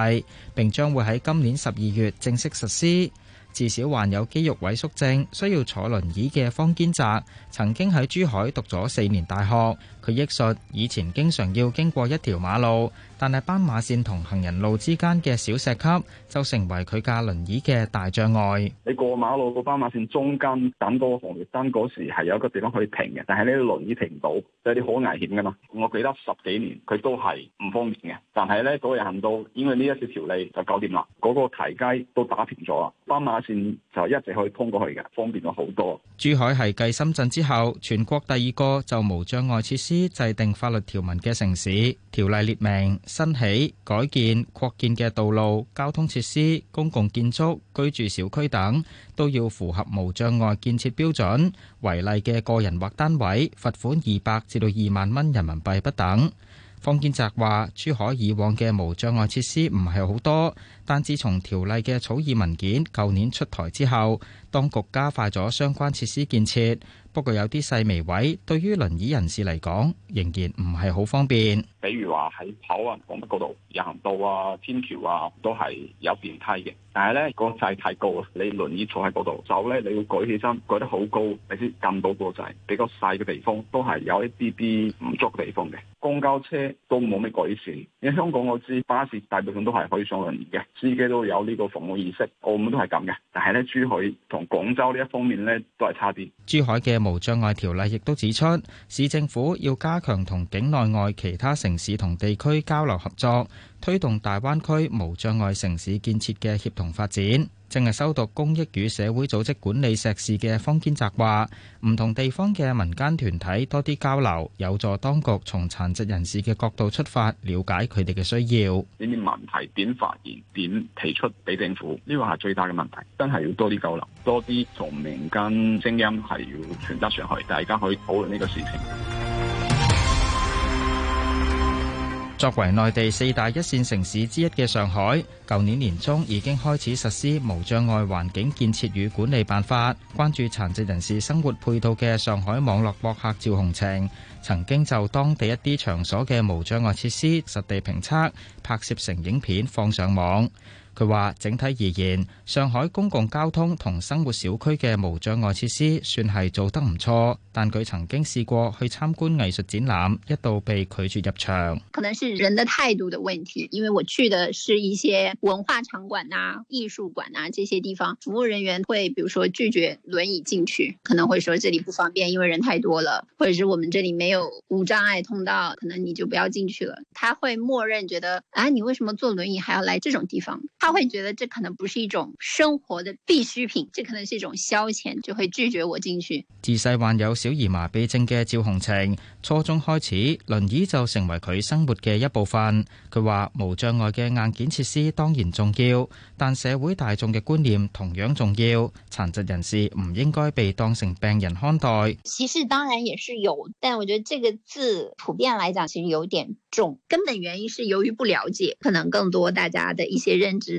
並將會喺今年十二月正式實施。至少患有肌肉萎縮症需要坐輪椅嘅方堅澤，曾經喺珠海讀咗四年大學。佢憶述：以前經常要經過一條馬路，但係斑馬線同行人路之間嘅小石級就成為佢架輪椅嘅大障礙。你過馬路個斑馬線中間等嗰個紅綠燈嗰時，係有一個地方可以停嘅，但係呢個輪椅停唔到，就係啲好危險㗎嘛。我記得十幾年佢都係唔方便嘅，但係呢嗰日、那個、行到，因為呢一條條例就搞掂啦，嗰、那個台階都打平咗啦，斑馬線就一直可以通過去嘅，方便咗好多。珠海係繼深圳之後，全國第二個就無障礙設施。司制定法律條文嘅城市條例列明，新起、改建、擴建嘅道路、交通設施、公共建築、居住小區等，都要符合無障礙建設標準。違例嘅個人或單位，罰款二百至到二萬蚊人民幣不等。方建澤話，珠海以往嘅無障礙設施唔係好多。但自從條例嘅草擬文件舊年出台之後，當局加快咗相關設施建設。不過有啲細微位，對於輪椅人士嚟講，仍然唔係好方便。比如話喺跑運房嗰度，人行道啊、天橋啊，都係有電梯嘅。但係呢個掣太高啦，你輪椅坐喺嗰度，走呢，你要舉起身，舉得好高，你先撳到個掣。比較細嘅地方都係有一啲啲唔足嘅地方嘅。公交車都冇咩改善，因為香港我知巴士大部分都係可以上輪椅嘅。司機都有呢個服務意識，澳門都係咁嘅。但係咧，珠海同廣州呢一方面咧都係差啲。珠海嘅無障礙條例亦都指出，市政府要加強同境內外其他城市同地區交流合作，推動大灣區無障礙城市建設嘅協同發展。正係修讀公益與社會組織管理碩士嘅方堅澤話：唔同地方嘅民間團體多啲交流，有助當局從殘疾人士嘅角度出發，了解佢哋嘅需要。呢啲問題點發言、點提出俾政府，呢個係最大嘅問題。真係要多啲交流，多啲同民間聲音係要傳得上去，大家可以討論呢個事情。作為內地四大一線城市之一嘅上海，舊年年中已經開始實施無障礙環境建設與管理辦法。關注殘疾人士生活配套嘅上海網絡博客趙紅程，曾經就當地一啲場所嘅無障礙設施實地評測，拍攝成影片放上網。佢話：整體而言，上海公共交通同生活小區嘅無障礙設施算係做得唔錯。但佢曾經試過去參觀藝術展覽，一度被拒絕入場。可能是人的態度嘅問題，因為我去的是一些文化場館啊、藝術館啊這些地方，服務人員會，比如說拒絕輪椅進去，可能會說：這裡不方便，因為人太多了，或者是我們這裏沒有無障礙通道，可能你就不要進去了。他會默認覺得：啊，你為什麼坐輪椅還要來這種地方？他會覺得這可能不是一種生活的必需品，這可能是一種消遣，就會拒絕我進去。自細患有小兒麻痹症嘅趙紅晴，初中開始輪椅就成為佢生活嘅一部分。佢話無障礙嘅硬件設施當然重要，但社會大眾嘅觀念同樣重要。殘疾人士唔應該被當成病人看待。歧視當然也是有，但我覺得這個字普遍來講其實有點重。根本原因是由於不了解，可能更多大家的一些認知。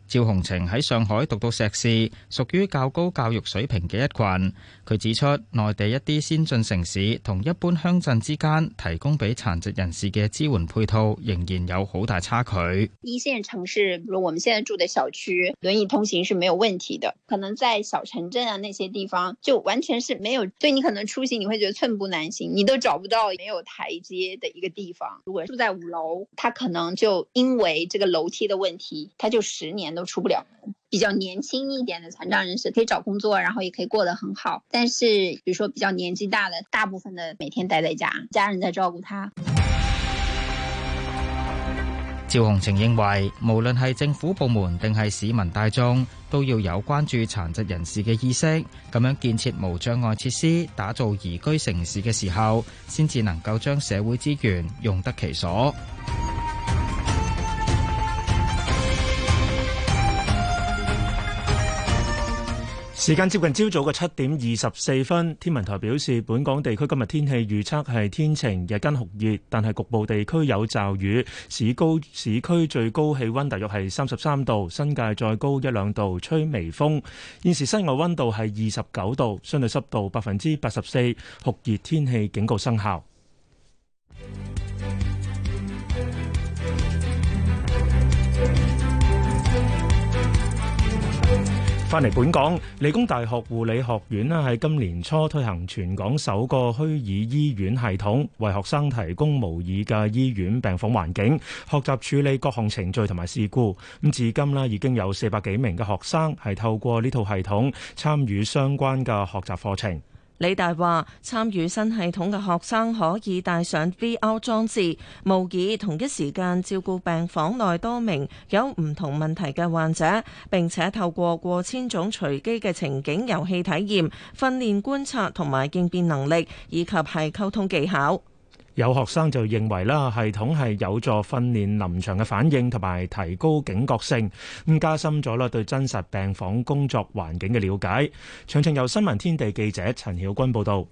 趙洪晴喺上海讀到碩士，屬於較高教育水平嘅一群。佢指出，內地一啲先進城市同一般鄉鎮之間，提供俾殘疾人士嘅支援配套，仍然有好大差距。一線城市，比如我們現在住嘅小區，輪椅通行是沒有問題的。可能在小城鎮啊，那些地方就完全是沒有，對你可能出行你會覺得寸步難行，你都找不到沒有台階的一個地方。如果住在五樓，他可能就因為這個樓梯的問題，他就十年都。出不了。比較年輕一點的殘障人士可以找工作，然後也可以過得很好。但是，比如說比較年紀大的，大部分的每天待在家，家人在照顧他。趙紅晴認為，無論係政府部門定係市民大眾，都要有關注殘疾人士嘅意識，咁樣建設無障礙設施、打造宜居城市嘅時候，先至能夠將社會資源用得其所。時間接近朝早嘅七點二十四分，天文台表示，本港地區今日天氣預測係天晴，日間酷熱，但係局部地區有驟雨。市高市區最高氣溫大約係三十三度，新界再高一兩度，吹微風。現時室外溫度係二十九度，相對濕度百分之八十四，酷熱天氣警告生效。返嚟本港，理工大學護理學院呢，喺今年初推行全港首個虛擬醫院系統，為學生提供模擬嘅醫院病房環境，學習處理各項程序同埋事故。咁至今啦，已經有四百幾名嘅學生係透過呢套系統參與相關嘅學習課程。李大話：參與新系統嘅學生可以戴上 VR 裝置，模擬同一時間照顧病房內多名有唔同問題嘅患者，並且透過過千種隨機嘅情景遊戲體驗，訓練觀察同埋應變能力，以及係溝通技巧。有學生就認為啦，系統係有助訓練臨場嘅反應同埋提高警覺性，咁加深咗啦對真實病房工作環境嘅了解。詳情由新聞天地記者陳曉君報道。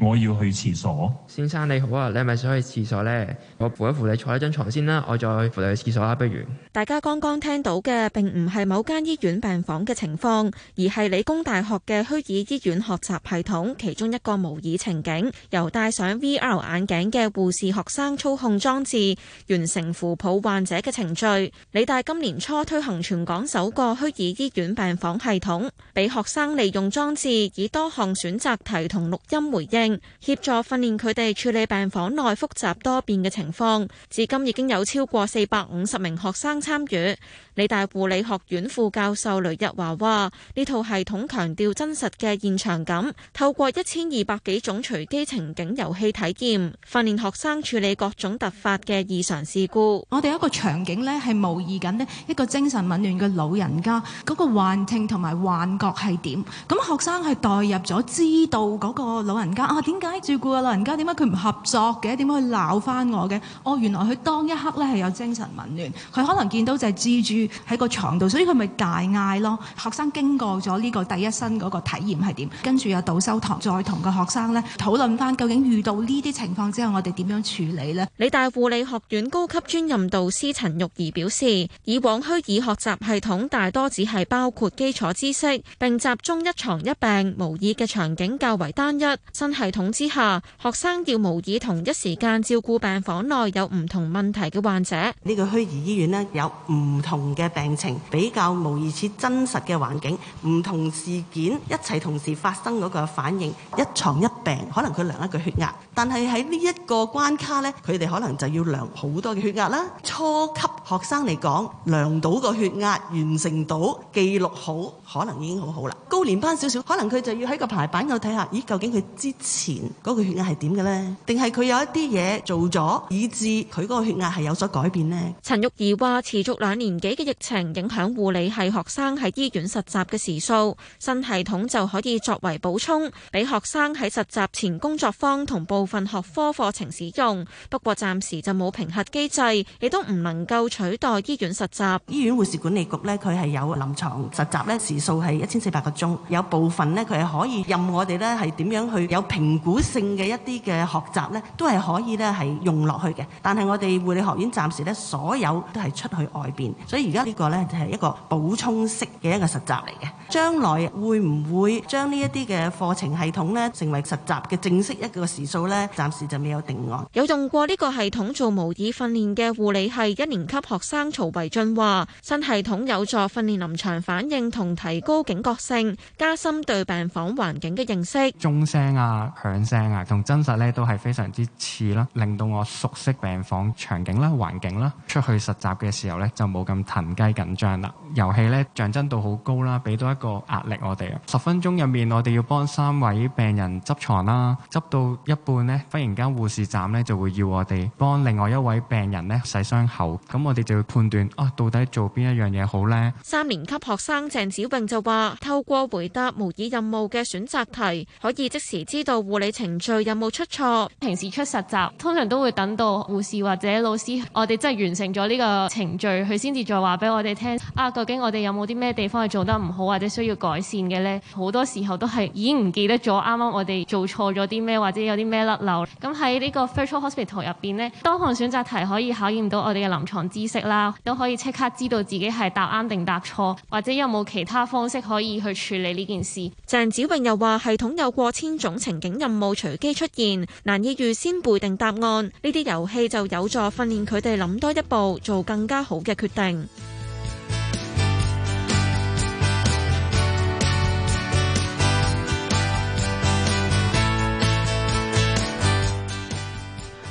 我要去廁所，先生你好啊，你係咪想去廁所呢？我扶一扶你坐一張床先啦，我再扶你去廁所啦，不如。大家剛剛聽到嘅並唔係某間醫院病房嘅情況，而係理工大學嘅虛擬醫院學習系統其中一個模擬情景，由戴上 VR 眼鏡嘅護士學生操控裝置，完成扶抱患者嘅程序。理大今年初推行全港首個虛擬醫院病房系統，俾學生利用裝置以多項選擇題同錄音回應。協助訓練佢哋處理病房內複雜多變嘅情況，至今已經有超過四百五十名學生參與。理大護理學院副教授雷日華話：呢套系統強調真實嘅現場感，透過一千二百幾種隨機情景遊戲體驗，訓練學生處理各種突發嘅異常事故。我哋一個場景呢係模擬緊咧，一個精神紊亂嘅老人家，嗰個幻聽同埋幻覺係點？咁學生係代入咗，知道嗰個老人家。我點解照顧個老人家？點解佢唔合作嘅？點解佢鬧翻我嘅？我、哦、原來佢當一刻咧係有精神紊亂，佢可能見到隻蜘蛛喺個床度，所以佢咪大嗌咯。學生經過咗呢個第一身嗰個體驗係點，跟住又導修堂再同個學生咧討論翻，究竟遇到呢啲情況之後，我哋點樣處理呢？理大護理學院高級專任導師陳玉怡表示，以往虛擬學習系統大多只係包括基礎知識，並集中一床一病模擬嘅場景較為單一，新係。系統之下，學生要模擬同一時間照顧病房內有唔同問題嘅患者。呢個虛擬醫院呢，有唔同嘅病情，比較模擬似真實嘅環境。唔同事件一齊同時發生嗰個反應，一床一病，可能佢量一個血壓，但係喺呢一個關卡呢，佢哋可能就要量好多嘅血壓啦。初級學生嚟講，量到個血壓完成到記錄好，可能已經好好啦。高年班少少，可能佢就要喺個牌板度睇下，咦，究竟佢之前嗰個血壓係點嘅呢？定係佢有一啲嘢做咗，以致佢嗰個血壓係有，有所改變呢？陳玉儀話：持續兩年幾嘅疫情影響護理系學生喺醫院實習嘅時數，新系統就可以作為補充，俾學生喺實習前工作坊同部分學科課程使用。不過暫時就冇評核機制，亦都唔能夠取代醫院實習。醫院護士管理局呢，佢係有臨床實習呢時數係一千四百個鐘，有部分呢，佢係可以任我哋呢，係點樣去有評。評估性嘅一啲嘅學習呢都係可以呢，係用落去嘅。但係我哋護理學院暫時呢，所有都係出去外邊，所以而家呢個呢，就係一個補充式嘅一個實習嚟嘅。將來會唔會將呢一啲嘅課程系統呢成為實習嘅正式一個時數呢，暫時就未有定案。有用過呢個系統做模擬訓練嘅護理系一年級學生曹維俊話，新系統有助訓練臨場反應同提高警覺性，加深對病房環境嘅認識。中聲啊！響聲啊，同真實咧都係非常之似啦，令到我熟悉病房場景啦、環境啦。出去實習嘅時候咧，就冇咁騰雞緊張啦。遊戲咧象徵度好高啦，俾到一個壓力我哋啊。十分鐘入面，我哋要幫三位病人執床啦，執到一半呢，忽然間護士站咧就會要我哋幫另外一位病人咧洗傷口。咁我哋就要判斷啊，到底做邊一樣嘢好呢？」三年級學生鄭小穎就話：透過回答模擬任務嘅選擇題，可以即時知道。護理程序有冇出錯？平時出實習，通常都會等到護士或者老師，我哋真係完成咗呢個程序，佢先至再話俾我哋聽。啊，究竟我哋有冇啲咩地方係做得唔好，或者需要改善嘅呢？好多時候都係已經唔記得咗啱啱我哋做錯咗啲咩，或者有啲咩甩漏。咁喺呢個 virtual hospital 入邊呢，多項選擇題可以考驗到我哋嘅臨床知識啦，都可以即刻知道自己係答啱定答錯，或者有冇其他方式可以去處理呢件事。鄭子榮又話：系統有過千種情。警任務隨機出現，難以預先背定答案。呢啲遊戲就有助訓練佢哋諗多一步，做更加好嘅決定。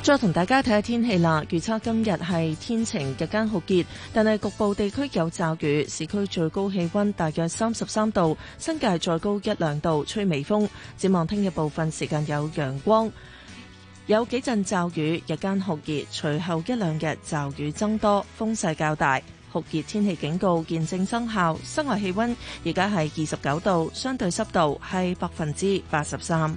再同大家睇下天氣啦，預測今日係天晴日間酷熱，但係局部地區有驟雨。市區最高氣溫大約三十三度，新界再高一兩度，吹微風。展望聽日部分時間有陽光，有幾陣驟雨，日間酷熱，隨後一兩日驟雨增多，風勢較大，酷熱天氣警告現正生效。室外氣溫而家係二十九度，相對濕度係百分之八十三。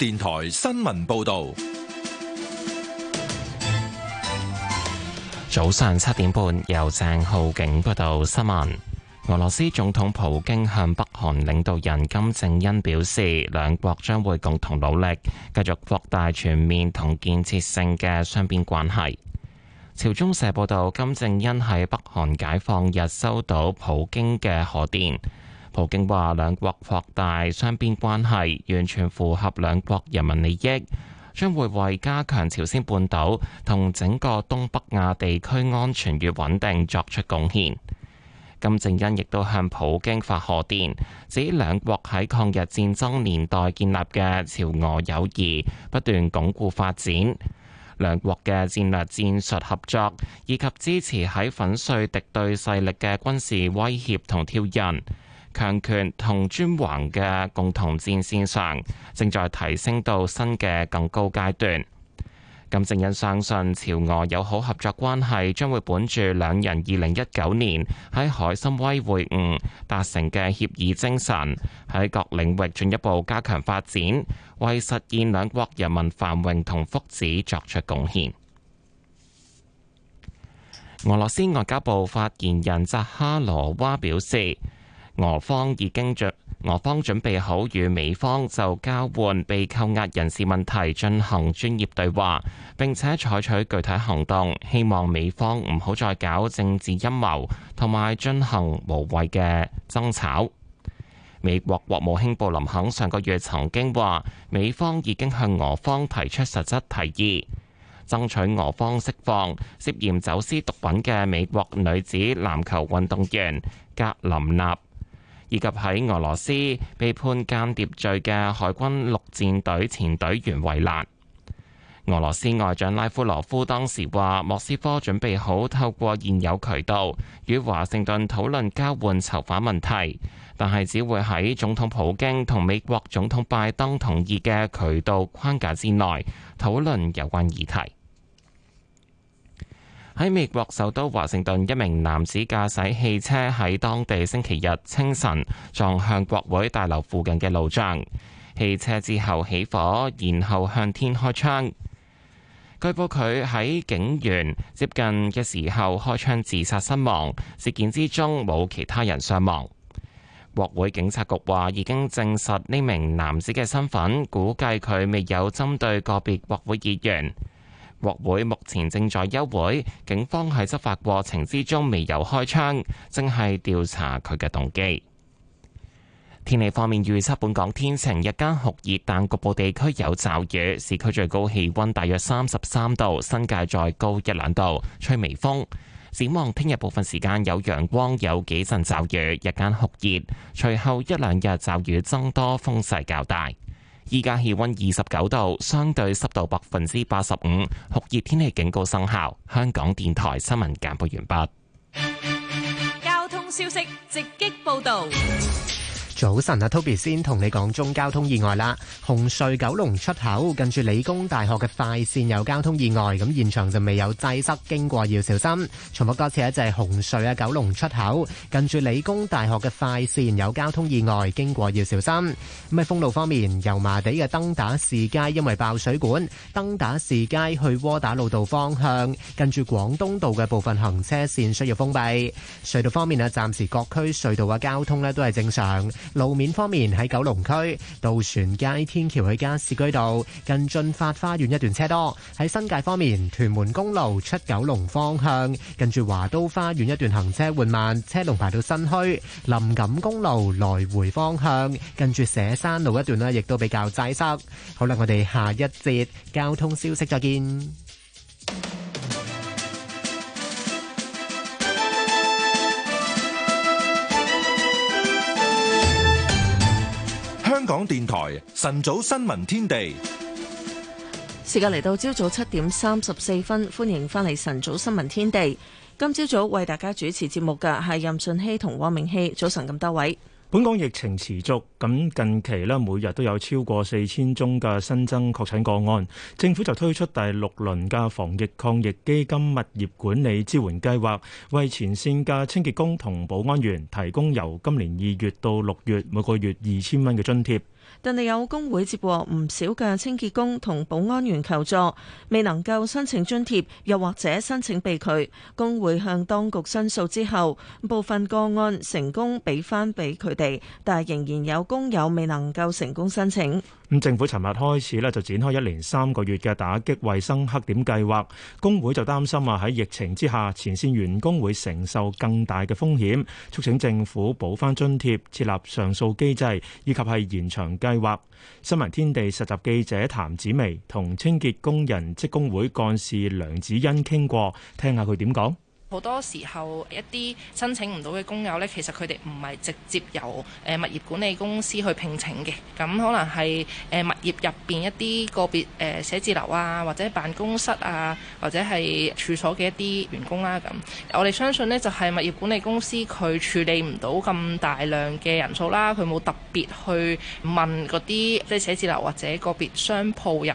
電台新聞報道，早上七點半由鄭浩景報道新聞。俄羅斯總統普京向北韓領導人金正恩表示，兩國將會共同努力，繼續擴大全面同建設性嘅雙邊關係。朝中社報道，金正恩喺北韓解放日收到普京嘅賀電。普京話，兩國擴大雙邊關係，完全符合兩國人民利益，將會為加強朝鮮半島同整個東北亞地區安全與穩定作出貢獻。金正恩亦都向普京發賀電，指兩國喺抗日戰爭年代建立嘅朝俄友誼不斷鞏固發展，兩國嘅戰略戰術合作以及支持喺粉碎敵對勢力嘅軍事威脅同挑釁，強權同專橫嘅共同戰線上，正在提升到新嘅更高階段。金正恩相信朝俄友好合作關係將會本住兩人二零一九年喺海參崴會晤達成嘅協議精神，喺各領域進一步加強發展，為實現兩國人民繁榮同福祉作出貢獻。俄羅斯外交部發言人扎哈羅娃表示：俄方已經準，俄方準備好與美方就交換被扣押人士問題進行專業對話，並且採取具體行動。希望美方唔好再搞政治陰謀，同埋進行無謂嘅爭吵。美國國務卿布林肯上個月曾經話，美方已經向俄方提出實質提議，爭取俄方釋放涉嫌走私毒品嘅美國女子籃球運動員格林納。以及喺俄羅斯被判間諜罪嘅海軍陸戰隊前隊員惠蘭，俄羅斯外長拉夫羅夫當時話：莫斯科準備好透過現有渠道與華盛頓討論交換囚犯問題，但係只會喺總統普京同美國總統拜登同意嘅渠道框架之內討論有關議題。喺美國首都華盛頓，一名男子駕駛汽車喺當地星期日清晨撞向國會大樓附近嘅路障，汽車之後起火，然後向天開槍。據報佢喺警員接近嘅時候開槍自殺身亡，事件之中冇其他人傷亡。國會警察局話已經證實呢名男子嘅身份，估計佢未有針對個別國會議員。國會目前正在休會，警方喺執法過程之中未有開槍，正係調查佢嘅動機。天氣方面預測，本港天晴，日間酷熱，但局部地區有驟雨。市區最高氣溫大約三十三度，新界再高一兩度，吹微風。展望聽日部分時間有陽光，有幾陣驟雨，日間酷熱。隨後一兩日驟雨增多，風勢較大。依家氣溫二十九度，相對濕度百分之八十五，酷熱天氣警告生效。香港電台新聞簡報完畢。交通消息直擊報道。早晨啊，Toby 先同你講中交通意外啦，紅隧九龍出口近住理工大學嘅快線有交通意外，咁現場就未有滯塞，經過要小心。重複多次咧，就係紅隧啊，九龍出口近住理工大學嘅快線有交通意外，經過要小心。咁喺封路方面，油麻地嘅登打士街因為爆水管，登打士街去窩打老道方向近住廣東道嘅部分行車線需要封閉。隧道方面啊，暫時各區隧道嘅交通咧都係正常。路面方面，喺九龍區渡船街天橋去加士居道近駿發花園一段車多；喺新界方面，屯門公路出九龍方向近住華都花園一段行車緩慢，車龍排到新墟；林錦公路來回方向近住社山路一段呢亦都比較擠塞。好啦，我哋下一節交通消息再見。香港電台晨早新聞天地，時間嚟到朝早七點三十四分，歡迎返嚟晨早新聞天地。今朝早為大家主持節目嘅係任俊熙同汪明熙，早晨咁多位。本港疫情持續，咁近期呢每日都有超過四千宗嘅新增確診個案。政府就推出第六輪嘅防疫抗疫基金物業管理支援計劃，為前線嘅清潔工同保安員提供由今年二月到六月每個月二千蚊嘅津貼。但係有工會接獲唔少嘅清潔工同保安員求助，未能夠申請津貼，又或者申請被拒。工會向當局申訴之後，部分個案成功俾翻俾佢哋，但係仍然有工友未能夠成功申請。咁政府尋日開始咧就展開一連三個月嘅打擊衞生黑點計劃。工會就擔心啊喺疫情之下，前線員工會承受更大嘅風險，促請政府補翻津貼，設立上訴機制，以及係延長晨早新聞天地實習記者譚子薇同清潔工人職工會幹事梁子欣傾過，聽下佢點講。好多時候一啲申請唔到嘅工友呢，其實佢哋唔係直接由誒物業管理公司去聘請嘅，咁可能係誒物業入邊一啲個別誒寫字樓啊，或者辦公室啊，或者係處所嘅一啲員工啦、啊。咁我哋相信呢，就係、是、物業管理公司佢處理唔到咁大量嘅人數啦，佢冇特別去問嗰啲即係寫字樓或者個別商鋪入。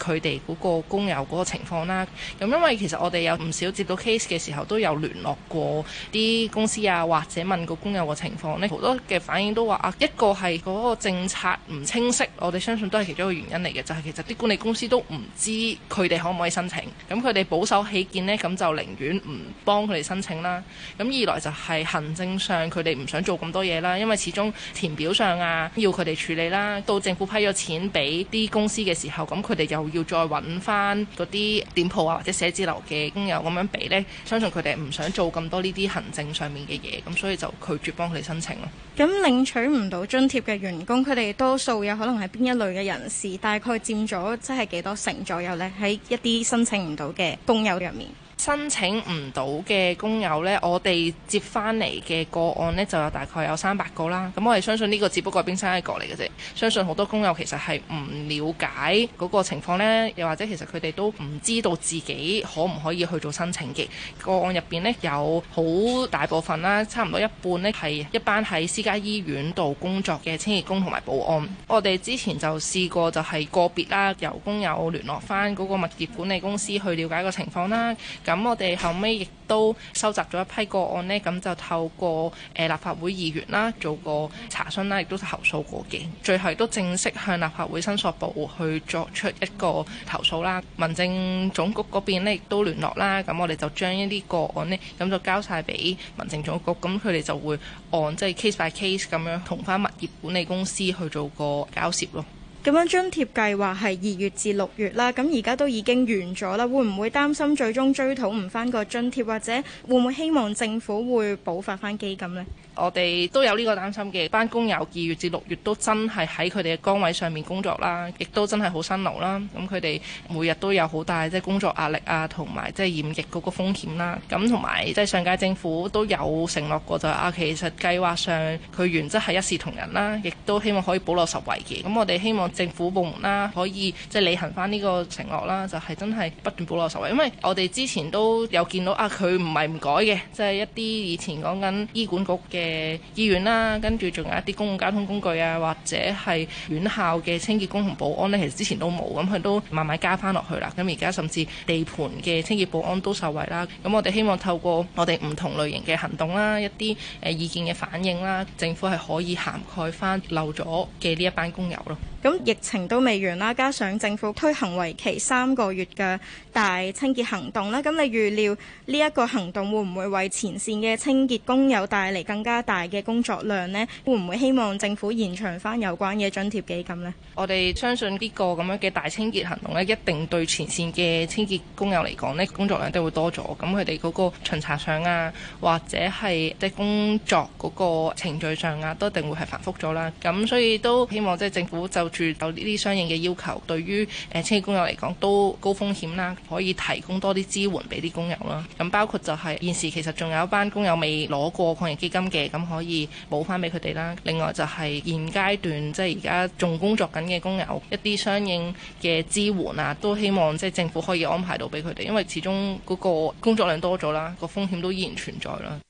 佢哋嗰個工友嗰個情況啦，咁因為其實我哋有唔少接到 case 嘅時候都有聯絡過啲公司啊，或者問過工友嘅情況咧，好多嘅反應都話啊，一個係嗰個政策唔清晰，我哋相信都係其中一個原因嚟嘅，就係其實啲管理公司都唔知佢哋可唔可以申請，咁佢哋保守起見咧，咁就寧願唔幫佢哋申請啦。咁二來就係行政上佢哋唔想做咁多嘢啦，因為始終填表上啊要佢哋處理啦，到政府批咗錢俾啲公司嘅時候。咁佢哋又要再揾翻嗰啲店鋪啊或者寫字樓嘅工友咁樣俾呢。相信佢哋唔想做咁多呢啲行政上面嘅嘢，咁所以就拒絕幫佢哋申請咯。咁領取唔到津貼嘅員工，佢哋多數有可能係邊一類嘅人士？大概佔咗即係幾多成左右呢？喺一啲申請唔到嘅工友入面。申請唔到嘅工友呢，我哋接翻嚟嘅個案呢，就有大概有三百個啦。咁我係相信呢個只不過冰山一角嚟嘅啫。相信好多工友其實係唔了解嗰個情況呢，又或者其實佢哋都唔知道自己可唔可以去做申請嘅個案入邊呢，有好大部分啦，差唔多一半呢，係一班喺私家醫院度工作嘅清潔工同埋保安。我哋之前就試過就係個別啦，由工友聯絡翻嗰個物業管理公司去了解個情況啦。咁我哋後尾亦都收集咗一批個案呢，咁就透過誒立法會議員啦，做個查詢啦，亦都投訴過嘅，最後都正式向立法會申訴部去作出一個投訴啦。民政總局嗰邊呢亦都聯絡啦，咁我哋就將呢啲個案呢，咁就交晒俾民政總局，咁佢哋就會按即係、就是、case by case 咁樣同翻物業管理公司去做個交涉咯。咁樣津貼計劃係二月至六月啦，咁而家都已經完咗啦，會唔會擔心最終追討唔翻個津貼，或者會唔會希望政府會補發翻基金呢？我哋都有呢個擔心，嘅班工友二月至六月都真係喺佢哋嘅崗位上面工作啦，亦都真係好辛勞啦。咁佢哋每日都有好大即係工作壓力啊，同埋即係染疫嗰個風險啦。咁同埋即係上屆政府都有承諾過就係啊，其實計劃上佢原則係一視同仁啦，亦都希望可以保落十圍嘅。咁我哋希望政府部門啦可以即係履行翻呢個承諾啦，就係真係不斷保落十圍，因為我哋之前都有見到啊，佢唔係唔改嘅，即係一啲以前講緊醫管局嘅。誒醫院啦，跟住仲有一啲公共交通工具啊，或者係院校嘅清潔工同保安呢，其實之前都冇，咁佢都慢慢加返落去啦。咁而家甚至地盤嘅清潔保安都受惠啦。咁我哋希望透過我哋唔同類型嘅行動啦，一啲誒意見嘅反應啦，政府係可以涵蓋返漏咗嘅呢一班工友咯。咁疫情都未完啦，加上政府推行為期三個月嘅大清潔行動啦，咁你預料呢一個行動會唔會為前線嘅清潔工友帶嚟更加加大嘅工作量咧，會唔會希望政府延長翻有關嘅津貼基金咧？我哋相信呢個咁樣嘅大清潔行動咧，一定對前線嘅清潔工友嚟講咧，工作量都會多咗。咁佢哋嗰個巡查上啊，或者係即係工作嗰個程序上啊，都一定會係繁複咗啦。咁所以都希望即係政府就住有呢啲相應嘅要求，對於誒清潔工友嚟講都高風險啦，可以提供多啲支援俾啲工友啦。咁包括就係現時其實仲有一班工友未攞過抗疫基金嘅。咁可以補翻俾佢哋啦。另外就係現階段即係而家仲工作緊嘅工友，一啲相應嘅支援啊，都希望即係政府可以安排到俾佢哋，因為始終嗰個工作量多咗啦，個風險都依然存在啦。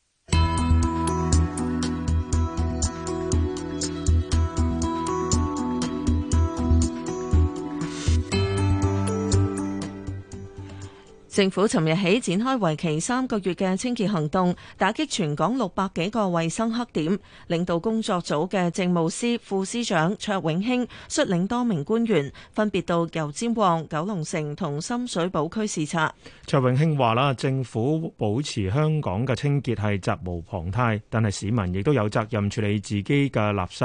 政府尋日起展開為期三個月嘅清潔行動，打擊全港六百幾個衞生黑點。領導工作組嘅政務司副司長卓永興率領多名官員，分別到油尖旺、九龍城同深水埗區視察。卓永興話啦，政府保持香港嘅清潔係責無旁貸，但係市民亦都有責任處理自己嘅垃圾。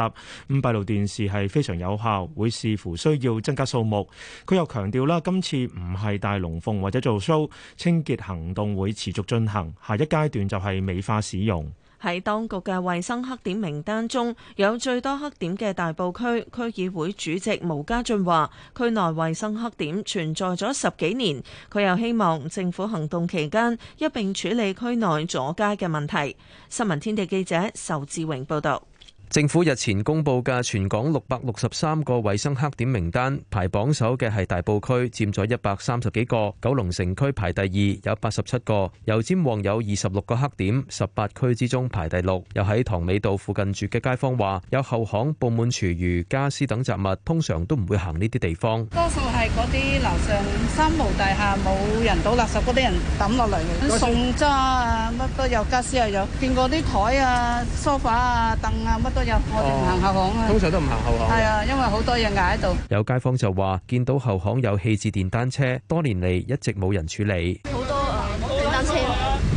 咁閉路電視係非常有效，會視乎需要增加數目。佢又強調啦，今次唔係大龍鳳或者做 show。清潔行動會持續進行，下一階段就係美化使用。喺當局嘅衛生黑點名單中，有最多黑點嘅大埔區區議會主席毛家俊話，區內衛生黑點存在咗十幾年，佢又希望政府行動期間一並處理區內阻街嘅問題。新聞天地記者仇志榮報道。政府日前公布嘅全港六百六十三個衛生黑點名單，排榜首嘅係大埔區，佔咗一百三十幾個；九龍城區排第二，有八十七個；油尖旺有二十六個黑點，十八區之中排第六。又喺塘尾道附近住嘅街坊話，有後巷布滿廚餘、家私等雜物，通常都唔會行呢啲地方。多數係嗰啲樓上三無大廈冇人倒垃圾嗰啲人抌落嚟嘅，啲餸渣啊，乜都有家私啊，有見過啲台啊、梳化啊、凳啊，乜我哋唔行後巷啊，通常都唔行後巷。係啊，因為好多嘢挨喺度。有街坊就話，見到後巷有棄置電單車，多年嚟一直冇人處理。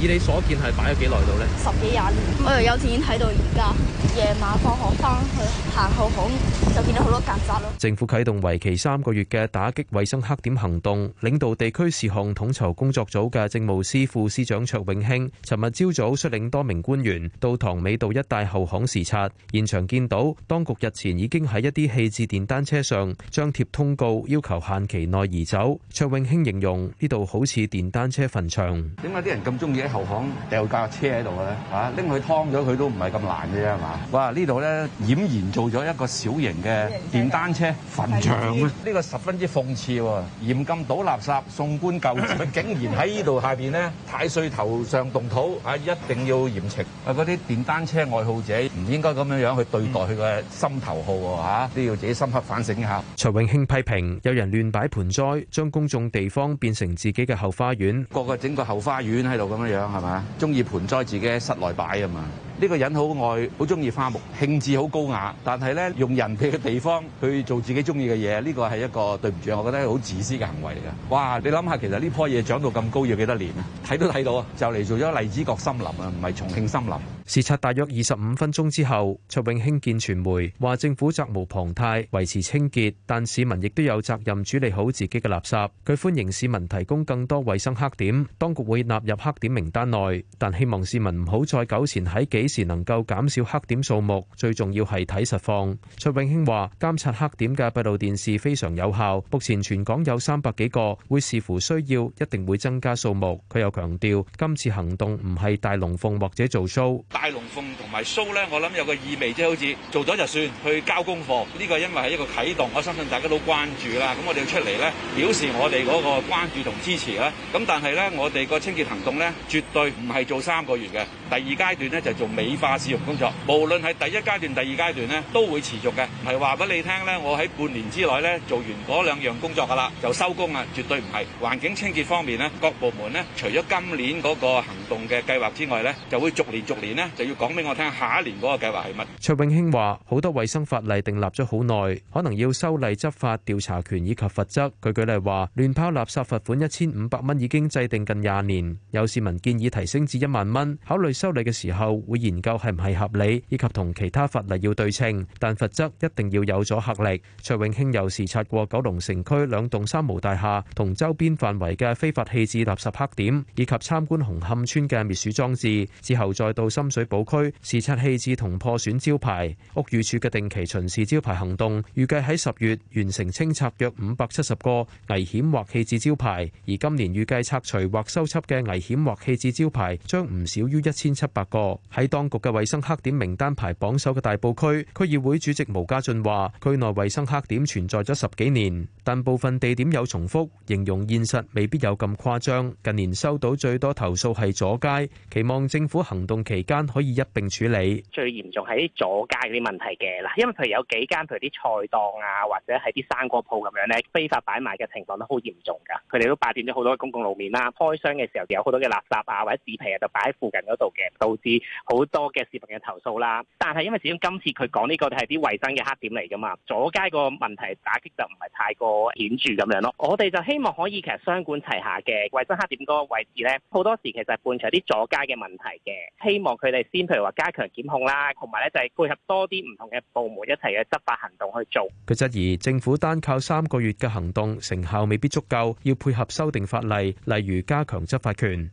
以你所見係擺咗幾耐到呢？十幾廿年，我由幼稚園睇到而家。夜晚放學翻去行後巷就見到好多曱甴咯。政府啟動為期三個月嘅打擊衞生黑點行動，領導地區事項統籌工作組嘅政務司副司長卓永興，尋日朝早率領多名官員到塘尾道一帶後巷視察，現場見到當局日前已經喺一啲棄置電單車上張貼通告，要求限期內移走。卓永興形容呢度好似電單車墳場，點解啲人咁鍾意咧？投行掉架車喺度咧，嚇拎佢劏咗佢都唔係咁難嘅啫，係嘛？哇！呢度咧，儼然做咗一個小型嘅電單車墳場啊！呢長個十分之諷刺喎，嚴、啊、禁倒垃，垃圾、送棺柩，佢竟然喺呢度下邊咧，太歲頭上動土啊！一定要嚴懲啊！嗰啲電單車愛好者唔應該咁樣樣去對待佢嘅、嗯、心頭好嚇，都、啊、要自己深刻反省一下。徐永興批評有人亂擺盆栽，將公眾地方變成自己嘅後花園，個個整個後花園喺度咁樣樣。係嘛？中意盆栽，自己喺室內擺啊嘛！呢個人好愛，好中意花木，性子好高雅。但係咧，用人哋嘅地方去做自己中意嘅嘢，呢個係一個對唔住，我覺得好自私嘅行為嚟㗎。哇！你諗下，其實呢棵嘢長到咁高要幾多年？睇都睇到啊！就嚟做咗荔枝角森林啊，唔係重慶森林。視察大約二十五分鐘之後，卓永興見傳媒話：政府責無旁貸維持清潔，但市民亦都有責任處理好自己嘅垃圾。佢歡迎市民提供更多衞生黑點，當局會納入黑點名單內，但希望市民唔好再久纏喺幾時能夠減少黑點數目。最重要係睇實況。卓永興話：監察黑點嘅閉路電視非常有效，目前全港有三百幾個，會視乎需要，一定會增加數目。佢又強調：今次行動唔係大龍鳳或者做 show，大龍鳳同埋 show 咧，我諗有個意味，即係好似做咗就算，去交功課。呢個因為係一個啟動，我相信大家都關注啦，咁我哋要出嚟咧表示我哋嗰個關注同支持啦。咁但係咧，我哋個清潔行動咧，絕對，唔係做三個月嘅。第二階段咧就做美化市容工作。無論係第一階段、第二階段咧，都會持續嘅。唔係話俾你聽咧，我喺半年之內咧做完嗰兩樣工作㗎啦，就收工啊！絕對唔係。環境清潔方面咧，各部門咧，除咗今年嗰個行動嘅計劃之外咧，就會逐年逐年咧就要講俾我聽，下一年嗰個計劃係乜？卓永興話：好多衞生法例定立咗好耐，可能要修例、執法、調查權以及罰則。佢舉例話：亂拋垃圾罰款一千五百蚊已經制定近廿年，有市民，建議提升至一萬蚊，考慮修例嘅時候會研究係唔係合理，以及同其他法例要對稱，但罰則一定要有咗嚇力。卓永興又視察過九龍城區兩棟三無大廈同周邊範圍嘅非法棄置垃圾黑點，以及參觀紅磡村嘅滅鼠裝置，之後再到深水埗區視察棄置同破損招牌。屋宇署嘅定期巡視招牌行動，預計喺十月完成清拆約五百七十個危險或棄置招牌，而今年預計拆除或收葺嘅危險或棄。地字招牌將唔少於一千七百個。喺當局嘅衞生黑點名單排榜首嘅大埔區區議會主席毛家俊話，區內衞生黑點存在咗十幾年，但部分地點有重複，形容現實未必有咁誇張。近年收到最多投訴係左街，期望政府行動期間可以一並處理。最嚴重係啲左街嗰啲問題嘅啦，因為譬如有幾間譬如啲菜檔啊，或者係啲生果鋪咁樣呢，非法擺賣嘅情況都好嚴重㗎。佢哋都霸佔咗好多公共路面啦，開箱嘅時候有好多嘅垃圾。啊，或者紙皮啊，就擺喺附近嗰度嘅，導致好多嘅市民嘅投訴啦。但係因為始終今次佢講呢個係啲衞生嘅黑點嚟噶嘛，阻街個問題打擊就唔係太過顯著咁樣咯。我哋就希望可以其實雙管齊下嘅衞生黑點嗰個位置咧，好多時其實伴隨啲阻街嘅問題嘅。希望佢哋先譬如話加強檢控啦，同埋咧就係配合多啲唔同嘅部門一齊嘅執法行動去做。佢質疑政府單靠三個月嘅行動成效未必足夠，要配合修訂法例，例如加強執法權。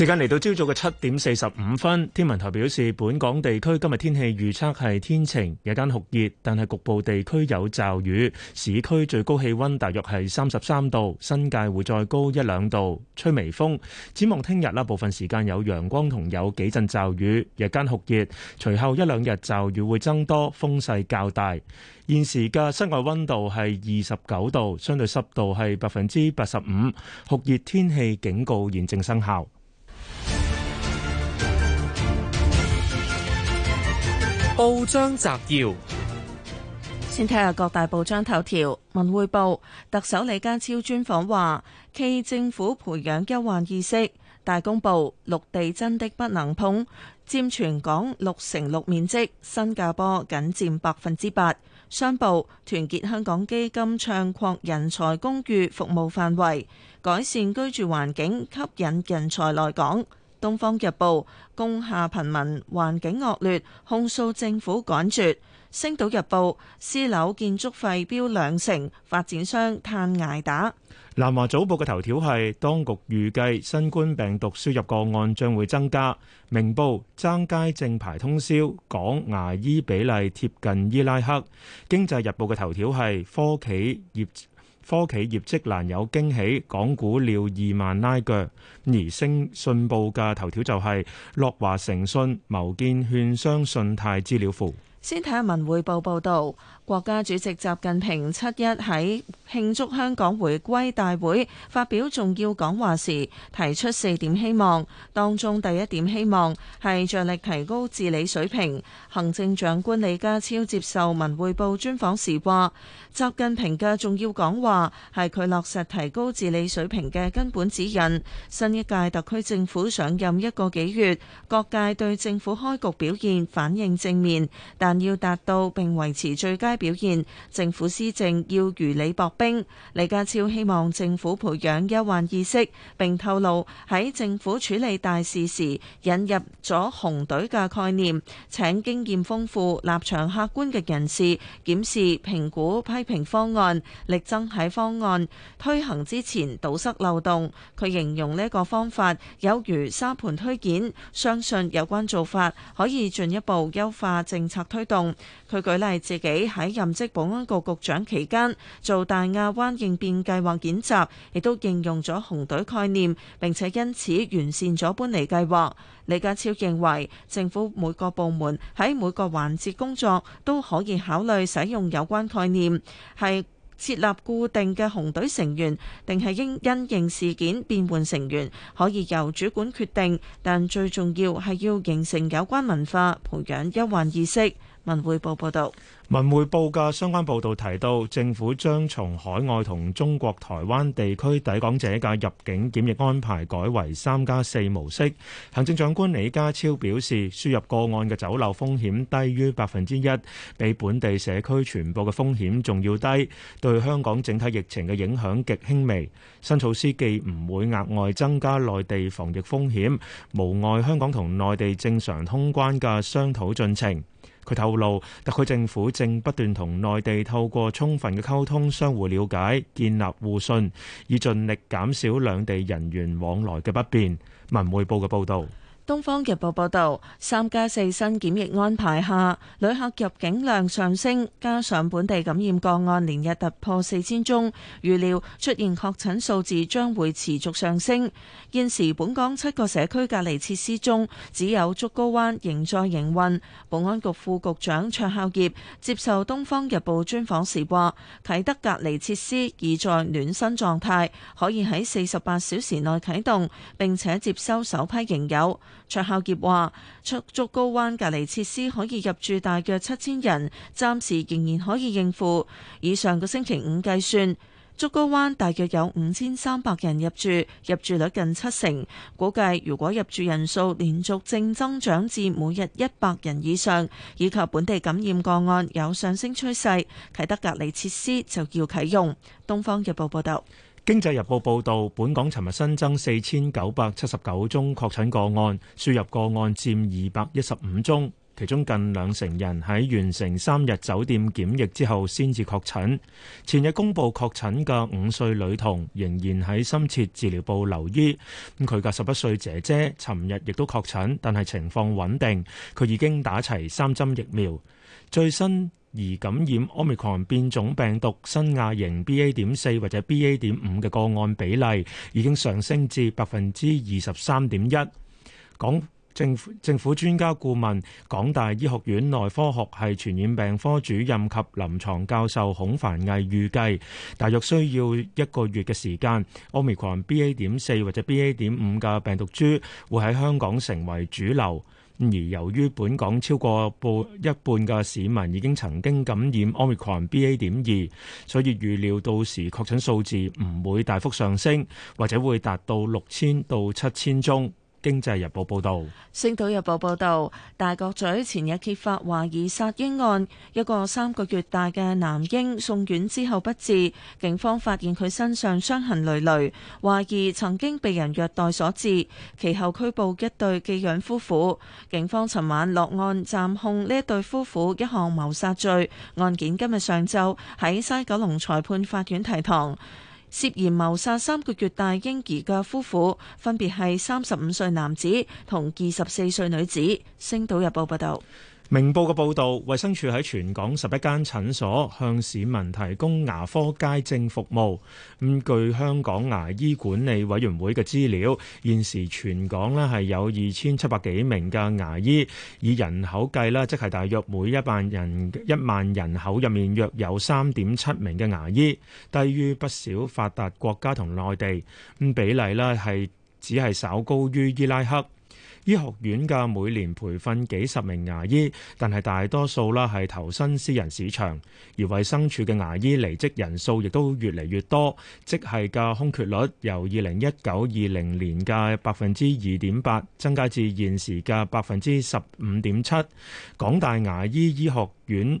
時間嚟到朝早嘅七點四十五分，天文台表示，本港地區今日天氣預測係天晴，日間酷熱，但係局部地區有驟雨。市區最高氣溫大約係三十三度，新界會再高一兩度，吹微風。展望聽日啦，部分時間有陽光同有幾陣驟雨，日間酷熱。隨後一兩日驟雨會增多，風勢較大。現時嘅室外溫度係二十九度，相對濕度係百分之八十五，酷熱天氣警告現正生效。報章摘要，先睇下各大報章頭條。文匯報：特首李家超專訪話，冀政府培養憂患意識。大公報：綠地真的不能碰，占全港六成六面積，新加坡僅占百分之八。商報：團結香港基金倡擴人才公寓服務範圍，改善居住環境，吸引人才來港。東方日報，公廈貧民環境惡劣，控訴政府趕絕。星島日報，私樓建築費飆兩成，發展商嘆挨打。南華早報嘅頭條係當局預計新冠病毒輸入個案將會增加。明報，爭街正牌通宵，港牙醫比例貼近伊拉克。經濟日報嘅頭條係科企業。科企業績難有驚喜，港股料二萬拉鋸。而升信報嘅頭條就係、是、樂華誠信、某間券商信貸資料庫。先睇下文匯報報道。國家主席習近平七一喺慶祝香港回歸大會發表重要講話時，提出四點希望。當中第一點希望係着力提高治理水平。行政長官李家超接受《文匯報》專訪時話，習近平嘅重要講話係佢落實提高治理水平嘅根本指引。新一屆特區政府上任一個幾月，各界對政府開局表現反應正面，但要達到並維持最佳表現政府施政要如履薄冰，李家超希望政府培養憂患意識，並透露喺政府處理大事時引入咗紅隊嘅概念，請經驗豐富、立場客觀嘅人士檢視、評估、批評方案，力爭喺方案推行之前堵塞漏洞。佢形容呢個方法有如沙盤推演，相信有關做法可以進一步優化政策推動。佢舉例自己喺。任職保安局局長期間，做大亞灣應變計劃演習，亦都應用咗紅隊概念，並且因此完善咗搬離計劃。李家超認為，政府每個部門喺每個環節工作都可以考慮使用有關概念，係設立固定嘅紅隊成員，定係應因應事件變換成員，可以由主管決定。但最重要係要形成有關文化，培養憂患意識。文匯報報道，文匯報嘅相關報道提到，政府將從海外同中國台灣地區抵港者嘅入境檢疫安排改為三加四模式。行政長官李家超表示，輸入個案嘅走漏風險低於百分之一，比本地社區傳播嘅風險仲要低，對香港整體疫情嘅影響極輕微。新措施既唔會額外增加內地防疫風險，無礙香港同內地正常通關嘅商討進程。佢透露，特區政府正不斷同內地透過充分嘅溝通，相互了解，建立互信，以盡力減少兩地人員往來嘅不便。文匯報嘅報導。《東方日報》報道，三加四新檢疫安排下，旅客入境量上升，加上本地感染個案連日突破四千宗，預料出現確診數字將會持續上升。現時本港七個社區隔離設施中，只有竹篙灣仍在營運。保安局副局長卓孝業接受《東方日報》專訪時話，啟德隔離設施已在暖身狀態，可以喺四十八小時內啟動，並且接收首批營友。卓孝傑話，出竹篙灣隔離設施可以入住大約七千人，暫時仍然可以應付。以上個星期五計算，竹篙灣大約有五千三百人入住，入住率近七成。估計如果入住人數連續正增長至每日一百人以上，以及本地感染個案有上升趨勢，啟德隔離設施就要啟用。《東方日報》報道。經濟日報報道，本港尋日新增四千九百七十九宗確診個案，輸入個案佔二百一十五宗，其中近兩成人喺完成三日酒店檢疫之後先至確診。前日公布確診嘅五歲女童仍然喺深切治療部留醫，佢嘅十一歲姐姐尋日亦都確診，但係情況穩定，佢已經打齊三針疫苗。最新而感染 Omicron 變種病毒新亞型 BA. 點四或者 BA. 點五嘅個案比例已經上升至百分之二十三點一。港政府政府專家顧問、港大醫學院內科學系傳染病科主任及臨牀教授孔凡毅預計，大約需要一個月嘅時間，OmicronBA. 點四或者 BA. 點五嘅病毒株會喺香港成為主流。而由於本港超過半一半嘅市民已經曾經感染 Omicron BA 點二，所以預料到時確診數字唔會大幅上升，或者會達到六千到七千宗。《經濟日報》報導，《星島日報》報導，大角咀前日揭發懷疑殺嬰案，一個三個月大嘅男嬰送院之後不治，警方發現佢身上傷痕累累，懷疑曾經被人虐待所致，其後拘捕一對寄養夫婦。警方尋晚落案暫控呢一對夫婦一項謀殺罪，案件今日上晝喺西九龍裁判法院提堂。涉嫌謀殺三個月大嬰兒嘅夫婦，分別係三十五歲男子同二十四歲女子。《星島日報》報道。明報嘅報導，衞生署喺全港十一間診所向市民提供牙科街症服務。咁據香港牙醫管理委員會嘅資料，現時全港呢係有二千七百幾名嘅牙醫，以人口計啦，即係大約每一萬人，一萬人口入面約有三點七名嘅牙醫，低於不少發達國家同內地。咁比例啦係只係稍高於伊拉克。醫學院嘅每年培訓幾十名牙醫，但係大多數啦係投身私人市場，而衞生署嘅牙醫離職人數亦都越嚟越多，即係嘅空缺率由二零一九、二零年嘅百分之二點八增加至現時嘅百分之十五點七。港大牙醫醫學院。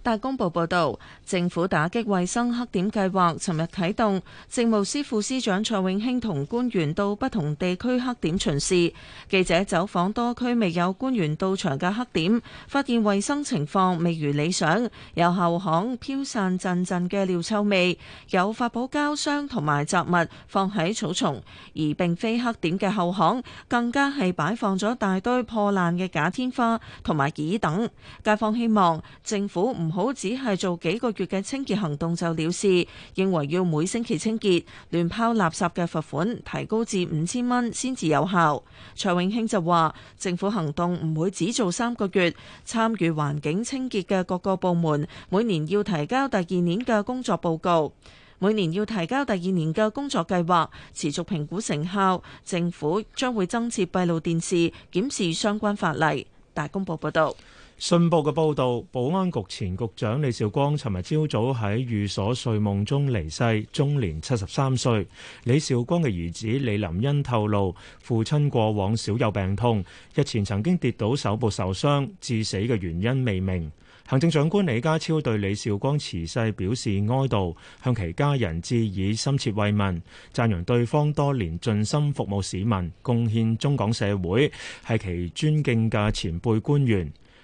大公報報導，政府打擊衞生黑點計劃，尋日啟動。政務司副司長蔡永興同官員到不同地區黑點巡視。記者走訪多區未有官員到場嘅黑點，發現衞生情況未如理想，有後巷飄散陣陣嘅尿臭味，有發泡膠箱同埋雜物放喺草叢，而並非黑點嘅後巷，更加係擺放咗大堆破爛嘅假天花同埋椅等。街坊希望政府唔唔好只係做幾個月嘅清潔行動就了事，認為要每星期清潔，亂拋垃圾嘅罰款提高至五千蚊先至有效。蔡永興就話：政府行動唔會只做三個月，參與環境清潔嘅各個部門每年要提交第二年嘅工作報告，每年要提交第二年嘅工作計劃，持續評估成效。政府將會增設閉路電視，檢視相關法例。大公報報道。信報嘅報導，保安局前局長李少光，尋日朝早喺寓所睡夢中離世，終年七十三歲。李少光嘅兒子李林恩透露，父親過往少有病痛，日前曾經跌倒手部受傷，致死嘅原因未明。行政長官李家超對李少光辭世表示哀悼，向其家人致以深切慰問，讚揚對方多年盡心服務市民，貢獻中港社會，係其尊敬嘅前輩官員。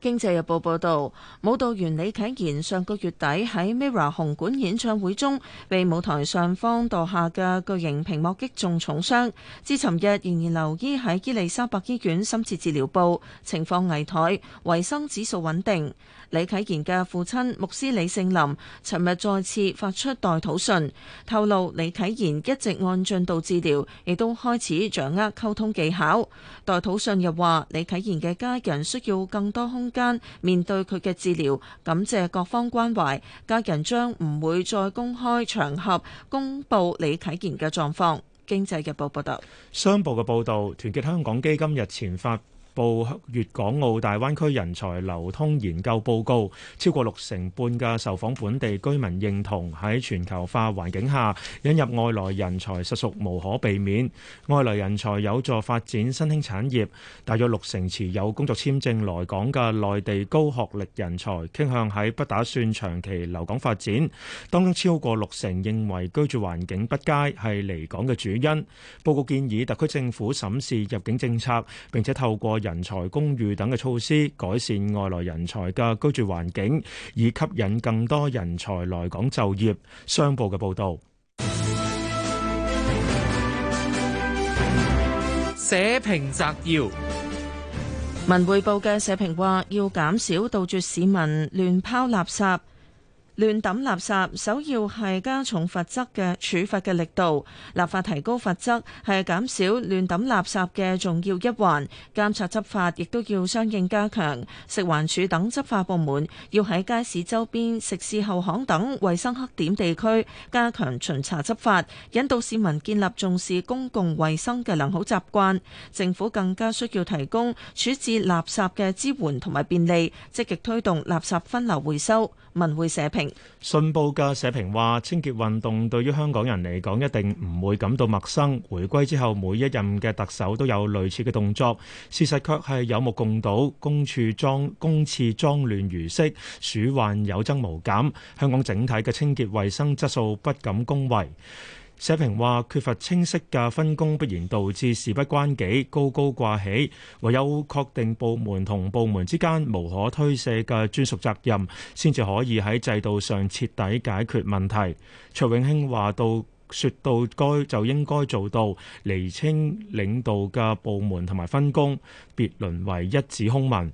《經濟日報》報導，舞蹈員李啟言上個月底喺 MIRROR 紅館演唱會中，被舞台上方墮下嘅巨型屏幕擊中重傷，至尋日仍然留醫喺伊麗莎白醫院深切治療部，情況危殆，維生指數穩定。李啟言嘅父親牧師李盛林，尋日再次發出代禱信，透露李啟言一直按進度治療，亦都開始掌握溝通技巧。代禱信又話，李啟言嘅家人需要更多空間面對佢嘅治療，感謝各方關懷，家人將唔會再公開場合公布李啟賢嘅狀況。經濟日報報道，商報嘅報道，團結香港基金日前發。《報粵港澳大灣區人才流通研究報告》超過六成半嘅受訪本地居民認同喺全球化環境下引入外來人才實屬無可避免，外來人才有助發展新興產業。大約六成持有工作簽證來港嘅內地高學歷人才傾向喺不打算長期留港發展，當中超過六成認為居住環境不佳係離港嘅主因。報告建議特區政府審視入境政策，並且透過。人才公寓等嘅措施，改善外來人才嘅居住環境，以吸引更多人才來港就業。商報嘅報道，社評摘要：文匯報嘅社評話，要減少杜絕市民亂拋垃圾。亂抌垃圾首要係加重罰則嘅處罰嘅力度，立法提高罰則係減少亂抌垃圾嘅重要一環。監察執法亦都要相應加強，食環署等執法部門要喺街市周邊、食肆後巷等衞生黑點地區加強巡查執法，引導市民建立重視公共衞生嘅良好習慣。政府更加需要提供處置垃圾嘅支援同埋便利，積極推動垃圾分流回收。文匯社評。信報嘅社評話，清潔運動對於香港人嚟講一定唔會感到陌生。回歸之後每一任嘅特首都有類似嘅動作，事實卻係有目共睹，公處髒公廁髒亂如昔，鼠患有增無減，香港整體嘅清潔衛生質素不敢恭維。社評話缺乏清晰嘅分工，必然導致事不關己、高高掛起。唯有確定部門同部門之間無可推卸嘅專屬責任，先至可以喺制度上徹底解決問題。卓永興話到，說到該就應該做到，釐清領導嘅部門同埋分工，別淪為一紙空文。呢、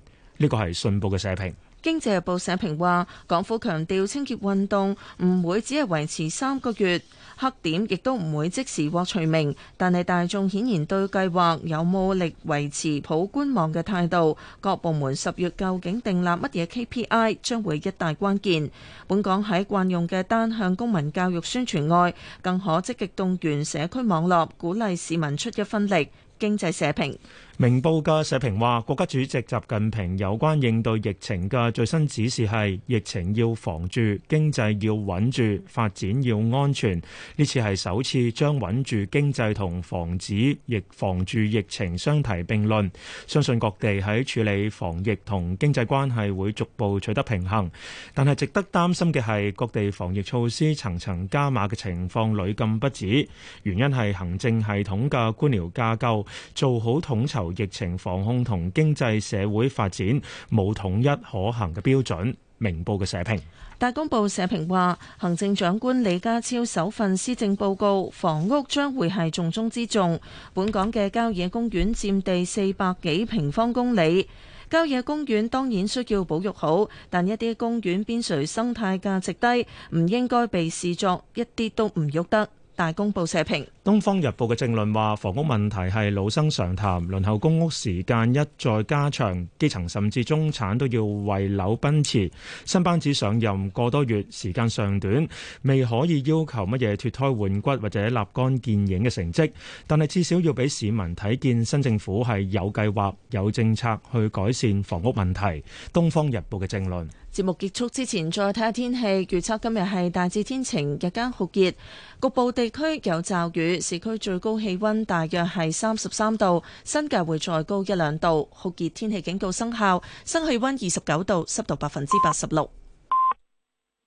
這個係信報嘅社評。《經濟日報》社評話，港府強調清潔運動唔會只係維持三個月，黑點亦都唔會即時獲除名，但係大眾顯然對計劃有冇力維持普觀望嘅態度。各部門十月究竟訂立乜嘢 KPI，將會一大關鍵。本港喺慣用嘅單向公民教育宣傳外，更可積極動員社區網絡，鼓勵市民出一分力。經濟社評。明報嘅社評話，國家主席習近平有關應對疫情嘅最新指示係：疫情要防住，經濟要穩住，發展要安全。呢次係首次將穩住經濟同防止疫防住疫情相提並論。相信各地喺處理防疫同經濟關係會逐步取得平衡。但係值得擔心嘅係，各地防疫措施層層加碼嘅情況屢禁不止。原因係行政系統嘅官僚架構做好統籌。疫情防控同經濟社會發展冇統一可行嘅標準，明報嘅社評。大公報社評話，行政長官李家超首份施政報告，房屋將會係重中之重。本港嘅郊野公園佔地四百幾平方公里，郊野公園當然需要保育好，但一啲公園邊陲生態價值低，唔應該被視作一啲都唔喐得。大公報社評《東方日報》嘅政論話：房屋問題係老生常談，輪候公屋時間一再加長，基層甚至中產都要為樓奔馳。新班子上任個多月時間尚短，未可以要求乜嘢脫胎換骨或者立竿見影嘅成績，但係至少要俾市民睇見新政府係有計劃、有政策去改善房屋問題。《東方日報》嘅政論。節目結束之前，再睇下天氣預測。今日係大致天晴，日間酷熱，局部地區有驟雨。市區最高氣溫大約係三十三度，新界會再高一兩度。酷熱天氣警告生效，新氣溫二十九度，濕度百分之八十六。